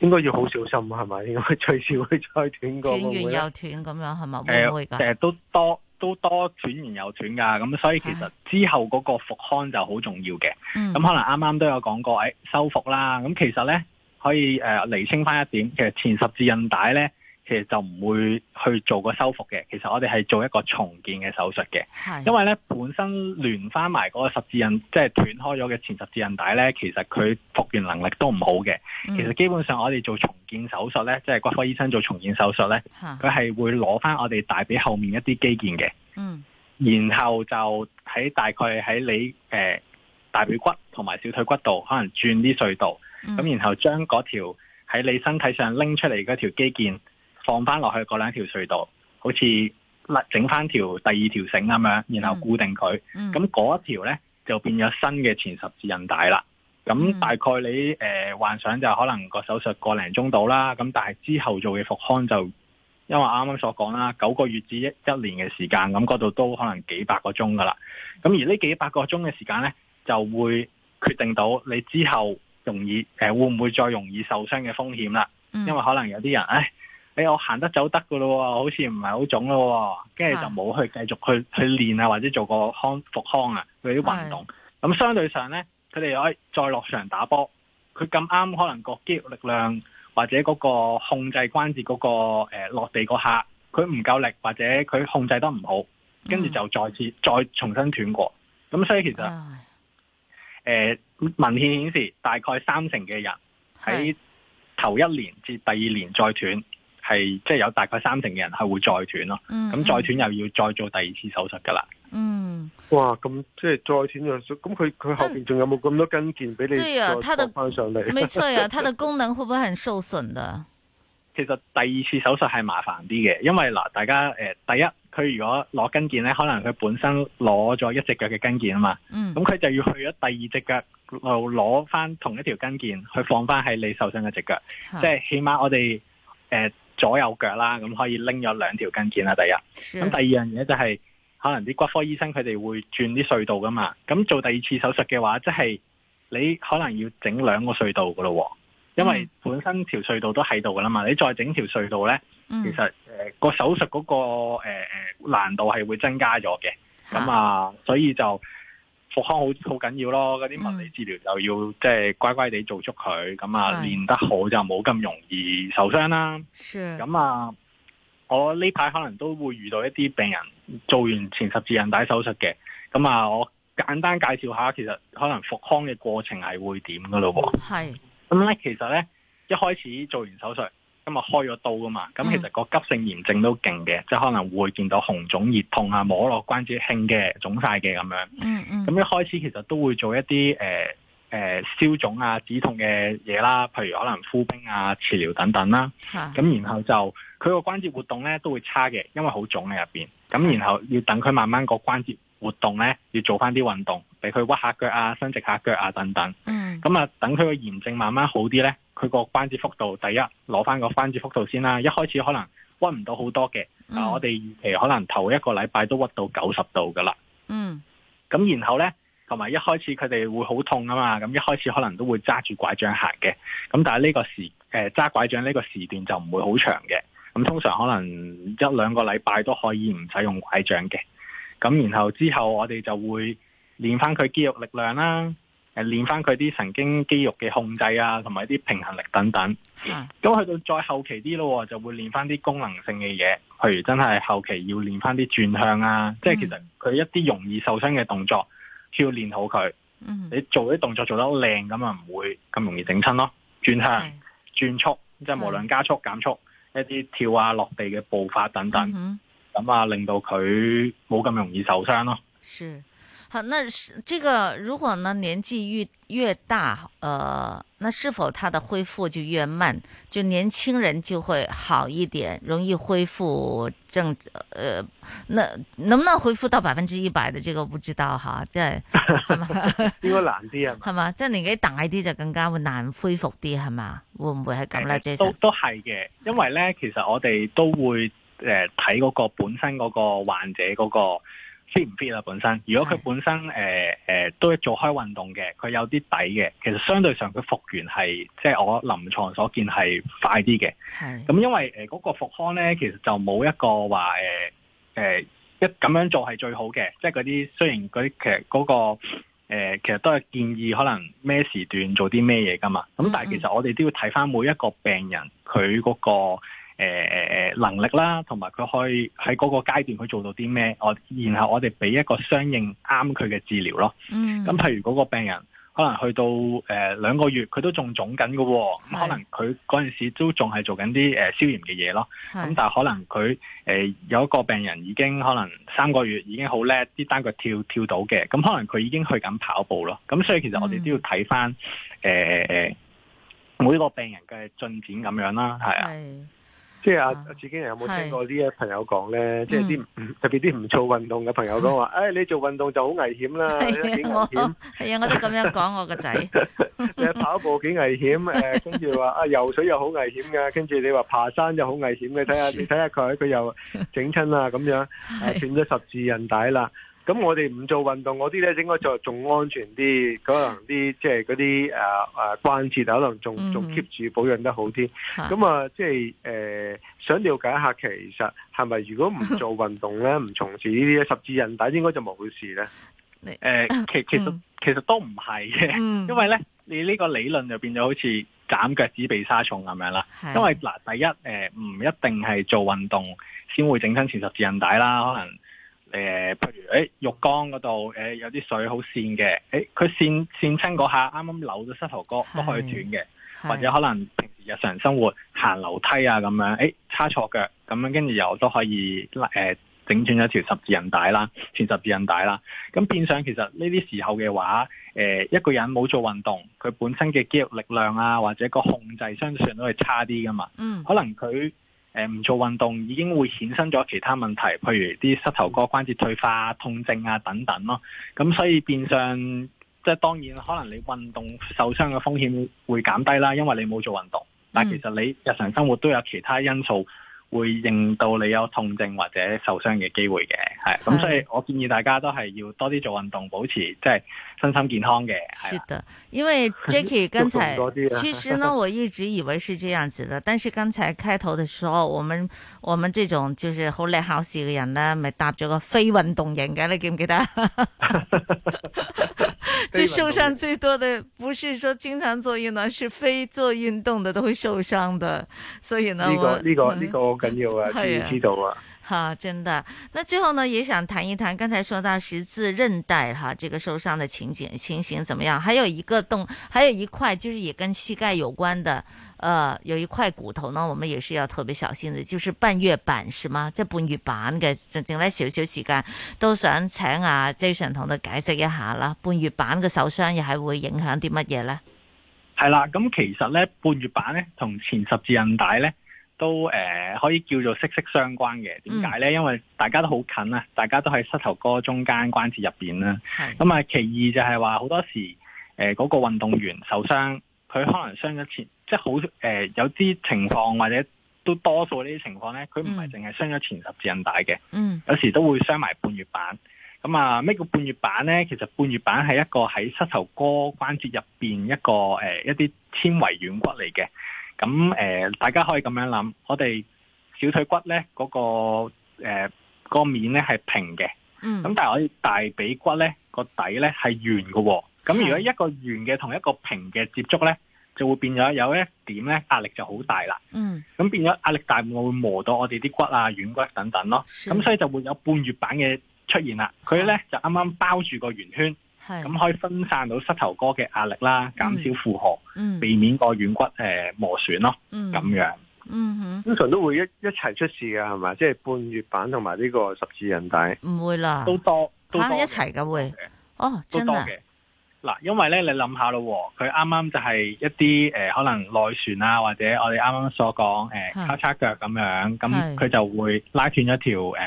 應該要好小心啊，係咪？應該隨時會再斷過，斷完又斷咁樣，係咪、嗯？誒誒、嗯，都多都多斷完又斷噶，咁所以其實之後嗰個復康就好重要嘅。咁唉可能啱啱都有講過，誒，收復啦。咁其實咧可以誒釐、呃、清翻一點，其實前十字韌帶咧。其實就唔會去做個修復嘅，其實我哋係做一個重建嘅手術嘅，因為呢本身連翻埋嗰個十字韌，即係斷開咗嘅前十字韌帶呢，其實佢復原能力都唔好嘅。其實基本上我哋做重建手術呢，即係骨科醫生做重建手術呢，佢係會攞翻我哋大髀後面一啲肌腱嘅，嗯，然後就喺大概喺你誒大髀骨同埋小腿骨度，可能轉啲隧道，咁然後將嗰條喺你身體上拎出嚟嗰條肌腱。放翻落去嗰兩條隧道，好似拉整翻條第二條繩咁樣，然後固定佢。咁嗰條呢，就變咗新嘅前十字韌帶啦。咁大概你誒、呃、幻想，就可能手術個手術個零鐘到啦。咁但係之後做嘅復康就，因為啱啱所講啦，九個月至一一年嘅時間，咁嗰度都可能幾百個鐘噶啦。咁而呢幾百個鐘嘅時間呢，就會決定到你之後容易誒、呃、會唔會再容易受傷嘅風險啦。嗯、因為可能有啲人哎、我行得走得噶咯，好似唔係好腫咯，跟住就冇去繼續去去練啊，或者做個康復康啊嗰啲運動。咁是相對上咧，佢哋可以再落場打波。佢咁啱可能個肌肉力量或者嗰個控制關節嗰、嗰個誒、呃、落地個下，佢唔夠力或者佢控制得唔好，跟住就再次、嗯、再重新斷過。咁所以其實誒是、呃、文獻顯示，大概三成嘅人喺頭一年至第二年再斷。係即係有大概三成嘅人係會再斷咯，咁、嗯嗯、再斷又要再做第二次手術噶啦。嗯，哇，咁即係再斷又咁佢佢後邊仲有冇咁多跟腱俾你攞翻上嚟？沒錯啊，佢 [LAUGHS] 嘅功能會唔會很受損的？其實第二次手術係麻煩啲嘅，因為嗱，大家誒、呃，第一，佢如果攞跟腱咧，可能佢本身攞咗一隻腳嘅跟腱啊嘛，咁佢、嗯、就要去咗第二隻腳度攞翻同一條跟腱去放翻喺你受傷嘅隻腳，好即係起碼我哋誒。呃左右腳啦，咁可以拎咗兩條跟腱啦，第一，咁第二樣嘢的就係、是、可能啲骨科醫生佢哋會轉啲隧道噶嘛，咁做第二次手術嘅話，即、就、係、是、你可能要整兩個隧道噶咯，嗯、因為本身條隧道都喺度噶啦嘛，你再整條隧道咧，嗯、其實誒個、呃、手術嗰、那個誒難、呃、難度係會增加咗嘅，咁、嗯、啊，啊，所以就。復康好好緊要咯，嗰啲物理治療又要即係、嗯、乖乖地做足佢，咁啊練是得好就冇咁容易受傷啦。咁是啊，我呢排可能都會遇到一啲病人做完前十字韌帶手術嘅，咁啊，我簡單介紹下，其實可能復康嘅過程係會點噶咯喎。係是，咁咧其實咧一開始做完手術。咁啊開咗刀啊嘛，咁其實個急性炎症都勁嘅，嗯、即係可能會見到紅腫熱痛啊，摸落關節輕嘅腫晒嘅咁樣。嗯嗯。咁一開始其實都會做一啲誒誒消腫啊止痛嘅嘢啦，譬如可能敷冰啊、治療等等啦。咁、啊、然後就佢個關節活動咧都會差嘅，因為好腫喺入邊。咁然後要等佢慢慢個關節。活動呢要做翻啲運動，俾佢屈下腳啊、伸直下腳啊等等。嗯。咁啊，等佢個炎症慢慢好啲呢，佢個關節幅度，第一攞翻個關節幅度先啦。一開始可能屈唔到好多嘅、嗯啊，我哋預期可能頭一個禮拜都屈到九十度噶啦。嗯。咁然後呢，同埋一開始佢哋會好痛啊嘛，咁一開始可能都會揸住拐杖行嘅。咁但係呢個時，誒、呃、揸拐杖呢個時段就唔會好長嘅。咁通常可能一兩個禮拜都可以唔使用，用拐杖嘅。咁然後之後我哋就會練翻佢肌肉力量啦，誒練翻佢啲神經肌肉嘅控制啊，同埋啲平衡力等等。咁去是到再後期啲咯，就會練翻啲功能性嘅嘢，譬如真係後期要練翻啲轉向啊，嗯、即係其實佢一啲容易受傷嘅動作，要練好佢。嗯、你做啲動作做得靚，咁啊唔會咁容易整親咯。轉向、是轉速，即係無論加速、是減速，一啲跳啊、落地嘅步伐等等。嗯咁啊，令到佢冇咁容易受傷咯。是，好，那是這個如果呢年紀越越大，呃，那是否他的恢復就越慢？就年輕人就會好一點，容易恢復正，呃，那能不能恢復到百分之一百的？這個不知道哈，即係係嘛，應該難啲啊，係嘛，即係年紀大一啲就更加會難恢復啲，係嘛，會唔會係咁咧？即、哎、係都都係嘅，嗯、因為咧，其實我哋都會。誒，睇嗰、呃、個本身嗰個患者嗰個 fit 唔 fit 啊，本身如果佢本身誒誒的、呃、都係做開運動嘅，佢有啲底嘅，其實相對上佢復原係即係我臨床所見係快啲嘅。係咁的、嗯，因為誒嗰個復康咧，其實就冇一個話誒誒一咁樣做係最好嘅，即係嗰啲雖然嗰啲其實嗰、那個誒、呃、其實都係建議可能咩時段做啲咩嘢㗎嘛。咁、嗯嗯、但係其實我哋都要睇返每一個病人佢嗰、那個。誒、呃、能力啦，同埋佢可以喺嗰個階段佢做到啲咩？我然後我哋俾一個相應啱佢嘅治療咯。咁、嗯、譬如嗰個病人可能去到誒兩、呃、個月，佢都仲腫緊嘅，咁可能佢嗰陣時都仲係做緊啲誒消炎嘅嘢咯。咁是但係可能佢誒、呃、有一個病人已經可能三個月已經好叻，啲單腳跳跳到嘅，咁可能佢已經去緊跑步咯。咁所以其實我哋都要睇翻誒每一個病人嘅進展咁樣啦，係啊。即係阿阿志康人有冇聽過啲嘅朋友講咧？是即係啲特別啲唔做運動嘅朋友講話，誒、嗯哎，你做運動就好危險啦，幾的危險。係啊，我哋咁樣講 [LAUGHS] 我個仔。 [LAUGHS] 你跑步幾危險？誒、 [LAUGHS] 呃，跟住話啊，游水又好危險噶。跟住你話爬山又好危險嘅。睇下，睇下佢，佢又整親啦，咁樣斷咗、啊、十字韌帶啦。咁我哋唔做運動嗰啲咧，應該就仲安全啲，可能啲即係嗰啲誒誒關節，可能仲仲 keep 住保養得好啲。咁、mm hmm. 啊，即係誒想了解一下，其實係咪如果唔做運動咧，唔從事呢啲十字韌帶，應該就冇事咧？誒，其其實其實都唔係嘅，因為咧，你呢個理論就變咗好似斬腳趾避沙蟲咁樣啦。是是的因為嗱，第一、呃、唔一定係做運動先會整親前十字韌帶啦，可能。誒、欸，譬如誒、欸，浴缸嗰度誒，有啲水好跣嘅，誒、欸，佢跣跣親嗰下，啱啱扭咗膝頭哥都可以斷嘅，是或者可能平時日常生活行樓梯啊咁、欸、樣，誒，差錯腳咁樣，跟住又都可以拉誒，整斷咗條十字韌帶啦，前十字韌帶啦，咁變相其實呢啲時候嘅話，誒、欸，一個人冇做運動，佢本身嘅肌肉力量啊，或者個控制，相對上都係差啲噶嘛，嗯，可能佢。誒，唔做運動已經會衍生咗其他問題，譬如啲膝頭哥關節退化、痛症啊等等咯。咁所以變相即係當然，可能你運動受傷嘅風險會減低啦，因為你冇做運動。但其實你日常生活都有其他因素會令到你有痛症或者受傷嘅機會嘅，係。咁所以我建議大家都係要多啲做運動，保持即係。身心健康嘅，係啦。是的，因為 Jackie 剛才，啊、其實呢， [LAUGHS] 我一直以為是這樣子的。但是剛才開頭的時候，我們我們這種就是好叻考試嘅人呢，咪搭咗個非運動型嘅，你記唔記得？就受傷最多的，不是說經常做運動，是非做運動的都會受傷的。所以呢，呢、呢個呢、嗯呢個呢、呢個好緊要啊，自己知道啊。哈、啊，真的。那最後呢，也想談一談剛才說到十字韌帶哈，這個受傷的情景情形怎麼樣？還有一個動，還有一塊，就是也跟膝蓋有關的，呃，有一塊骨頭呢，我們也是要特別小心的，就是半月板，是嗎？即係半月板嘅，淨係呢少少時間都想請阿、啊、Jason 同佢解釋一下啦。半月板嘅受傷又係會影響啲乜嘢呢？係啦，咁其實咧半月板咧同前十字韌帶咧。都誒、呃、可以叫做息息相關嘅，點解呢？因為大家都好近啊，大家都喺膝頭哥中間關節入邊啦。咁啊是，其二就係話好多時誒嗰、呃那個運動員受傷，佢可能傷咗前，即係好誒有啲情況或者都多數呢啲情況呢，佢唔係淨係傷咗前十字韌帶嘅。嗯，有時都會傷埋半月板。咁啊，咩叫半月板呢？其實半月板係一個喺膝頭哥關節入邊一、呃，一個誒一啲纖維軟骨嚟嘅。咁誒、呃，大家可以咁樣諗，我哋小腿骨咧嗰個誒、呃嗰個面咧係平嘅，咁、嗯、但係我哋大髀骨咧個底咧係圓嘅喎，咁如果一個圓嘅同一個平嘅接觸咧，就會變咗有一點咧壓力就好大啦，咁、嗯、變咗壓力大會磨到我哋啲骨啊軟骨等等咯，咁的所以就會有半月板嘅出現啦，佢咧就啱啱包住個圓圈。咁可以分散到膝頭哥嘅壓力啦，減少負荷，mm hmm. 避免個軟骨誒磨損咯。咁、mm hmm. 樣通常都會一一齊出事嘅係咪？即係半月板同埋呢個十字韌帶，唔會啦，都多都多一齊嘅會，哦真嘅。都多嘅嗱，因為咧，你諗下咯，佢啱啱就係一啲誒、呃，可能內旋啊，或者我哋啱啱所講誒交叉腳咁樣，咁佢就會拉斷咗條誒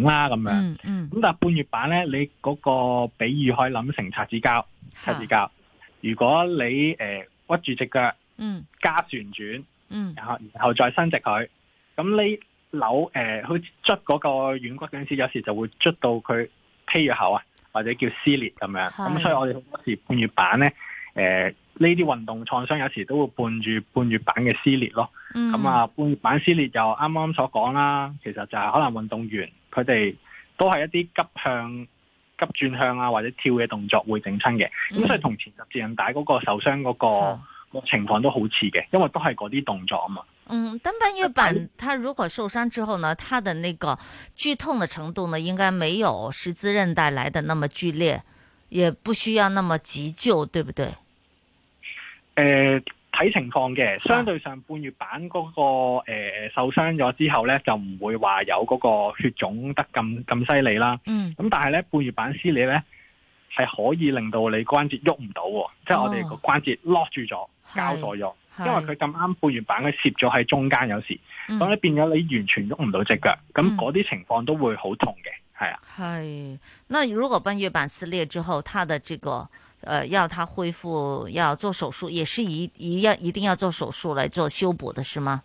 繩啦，咁、呃、樣。嗯咁、嗯、但係半月板咧，你嗰個比喻可以諗成擦紙膠，擦紙膠。如果你誒、呃、屈住隻腳，嗯，加旋轉，嗯，然後然後再伸直佢，咁你扭誒去捽嗰個軟骨嗰陣時，有時就會捽到佢劈裂口啊。或者叫撕裂咁樣，咁的所以我哋好多時半月板咧，誒呢啲運動創傷有時都會伴住半月板嘅撕裂咯。咁、嗯、啊，半月板撕裂就啱啱所講啦，其實就係可能運動員佢哋都係一啲急向、急轉向啊或者跳嘅動作會整親嘅，咁、嗯、所以同前十字韌帶嗰個受傷嗰、那個、的個情況都好似嘅，因為都係嗰啲動作啊嘛。嗯，但半月板它如果受傷之後呢，它、啊、的那個劇痛的程度呢，應該沒有十字韌帶來得那麼劇烈，也不需要那麼急救，對不對？誒、呃，睇情況嘅，相對上半月板嗰、那個誒、呃、受傷咗之後呢，就唔會話有嗰個血腫得咁咁犀利啦。嗯。咁但係呢，半月板撕裂呢，係可以令到你關節喐唔到，哦、即係我哋個關節 lock 住咗，膠住咗。因為佢咁啱半月板佢攝咗喺中間，有時咁你變咗你完全喐唔到隻腳，咁嗰啲情況都會好痛嘅，係啊。係，那如果半月板撕裂之後，他的這個，誒、呃，要他恢復要做手術，也是一一要一定要做手術來做修補的，是嗎？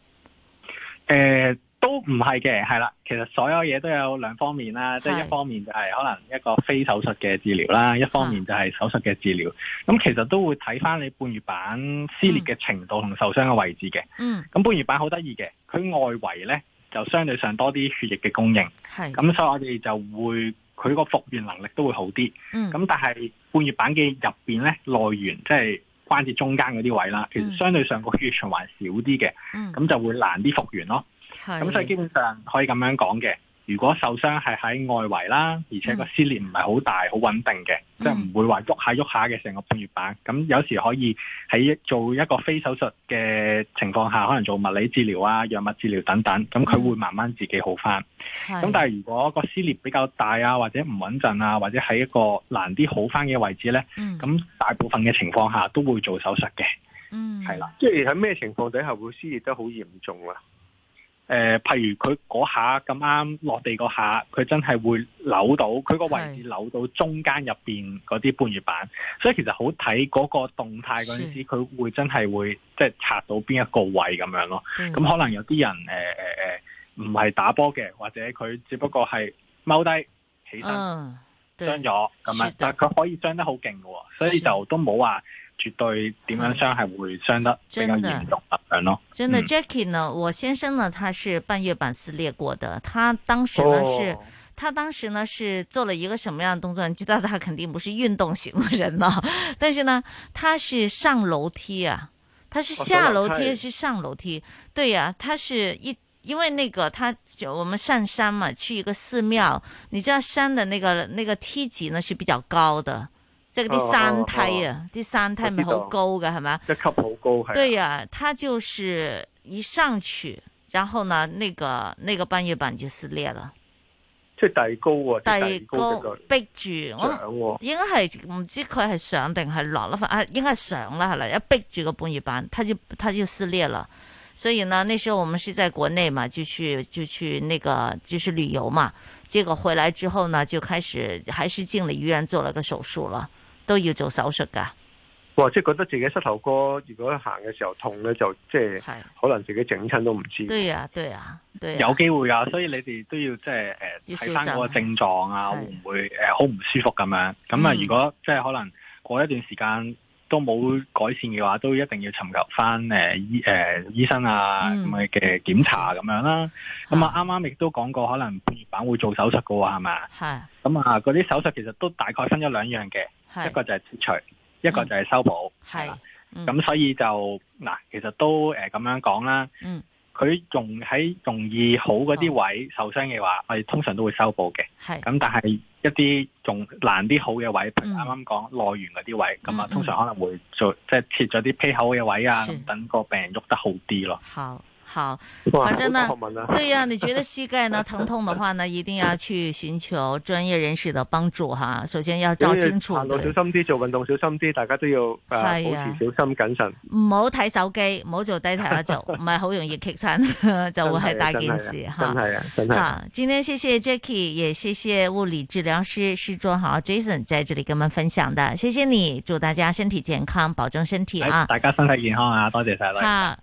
誒、呃。都唔係嘅，係啦，其實所有嘢都有兩方面啦，是即係一方面就係可能一個非手術嘅治療啦，的一方面就係手術嘅治療。咁其實都會睇返你半月板撕裂嘅程度同受傷嘅位置嘅。嗯。咁半月板好得意嘅，佢外圍呢就相對上多啲血液嘅供應。咁的所以我哋就會佢個復原能力都會好啲。咁、嗯、但係半月板嘅入面呢，內緣，即、就、係、是、關節中間嗰啲位啦，其實相對上個血液循環少啲嘅。咁、嗯、就會難啲復原咯。咁所以基本上可以咁樣講嘅，如果受傷係喺外圍啦，而且個撕裂唔係好大，嗯、好穩定嘅，即係唔會話喐下喐下嘅成個半月板。咁有時可以喺做一個非手術嘅情況下，可能做物理治療啊、藥物治療等等。咁佢會慢慢自己好翻。咁、嗯、但係如果個撕裂比較大啊，或者唔穩陣啊，或者喺一個難啲好翻嘅位置呢，咁、嗯、大部分嘅情況下都會做手術嘅。嗯，係啦，即係喺咩情況底下會撕裂得好嚴重啊？誒、呃，譬如佢嗰下咁啱落地嗰下，佢真係會扭到，佢個位置扭到中間入邊嗰啲半月板，的所以其實好睇嗰個動態嗰陣時，佢的會真係會即係、就是、拆到邊一個位咁樣咯。咁、嗯、可能有啲人誒誒誒，唔、呃、係、呃、打波嘅，或者佢只不過係踎低起身傷咗咁樣，但係佢可以傷得好勁嘅，所以就都冇話。絕對點樣傷係會傷得的、嗯、真的，比較嚴重、嗯、真的，Jackie 呢？我先生呢？他是半月板撕裂過的，他當時呢、哦、是，他當時呢是做了一個什麼樣的動作？你知道，他肯定不是運動型的人咯。 [LAUGHS] 但是呢，他是上樓梯啊，他是下樓梯，是上樓梯。哦、對呀、啊，他是一，因為那個他，他，我們上山嘛，去一個寺廟，你知道山的那個那個梯級呢是比較高的。即係啲山梯啊，啲山梯咪好高嘅係嘛？是吧一級好高係。對啊，他就是一上去，然後呢，呢個呢個半月板就撕裂啦。即係第高啊！第高逼住，我應該係唔知佢係上定係落啦，反正啊應該上啦係啦，一逼住個半月板，他就他就撕裂啦。所以呢，那時候我們是在國內嘛，就去就去那個就是旅遊嘛，結果回來之後呢，就開始還是進了醫院做了個手術啦。都要做手術噶，哇、哦！即係覺得自己膝頭哥如果行嘅時候痛咧，就即係是可能自己整親都唔知對、啊。對啊，對啊，對。有機會噶，所以你哋都要即係誒睇翻嗰個症狀啊，是會唔會誒好唔舒服咁樣？咁、嗯、啊，如果即係可能過一段時間都冇改善嘅話，都一定要尋求翻誒醫誒、呃醫，呃、醫生啊咁嘅嘅檢查咁樣啦。咁啊是，啱啱亦都講過，可能半月板會做手術噶，係咪？係是。咁啊，嗰啲手術其實都大概分咗兩樣嘅。是嗯是嗯、一個就係切除，一個就係修補，係咁、嗯啊、所以就嗱，其實都誒咁、呃、樣講啦。嗯，佢容喺容易好嗰啲位置、嗯、受傷嘅話，我哋通常都會修補嘅。係是，咁但係一啲仲難啲好嘅位，譬、嗯、如啱啱講內緣嗰啲位置，咁啊、嗯、通常可能會做即係、就是、切咗啲胚口嘅位啊，等個是病人喐得好啲咯。.好，哇反正呢，啊、 [LAUGHS] 對呀、啊，你覺得膝蓋呢疼痛的話呢，一定要去尋求專業人士的幫助哈。首先要照清楚。小心啲，做運動小心啲對，大家都要保持小心謹慎。唔好睇手機，唔好做低頭一族，唔係好容易 k 身，就係大件事哈。真係啊，真，好真，真係。今天謝謝 Jacky，也謝謝物理治療師施卓豪 Jason 在這裏跟我們分享的，謝謝你，祝大家身體健康，保重身體啊！大家身體健康啊，多謝晒你。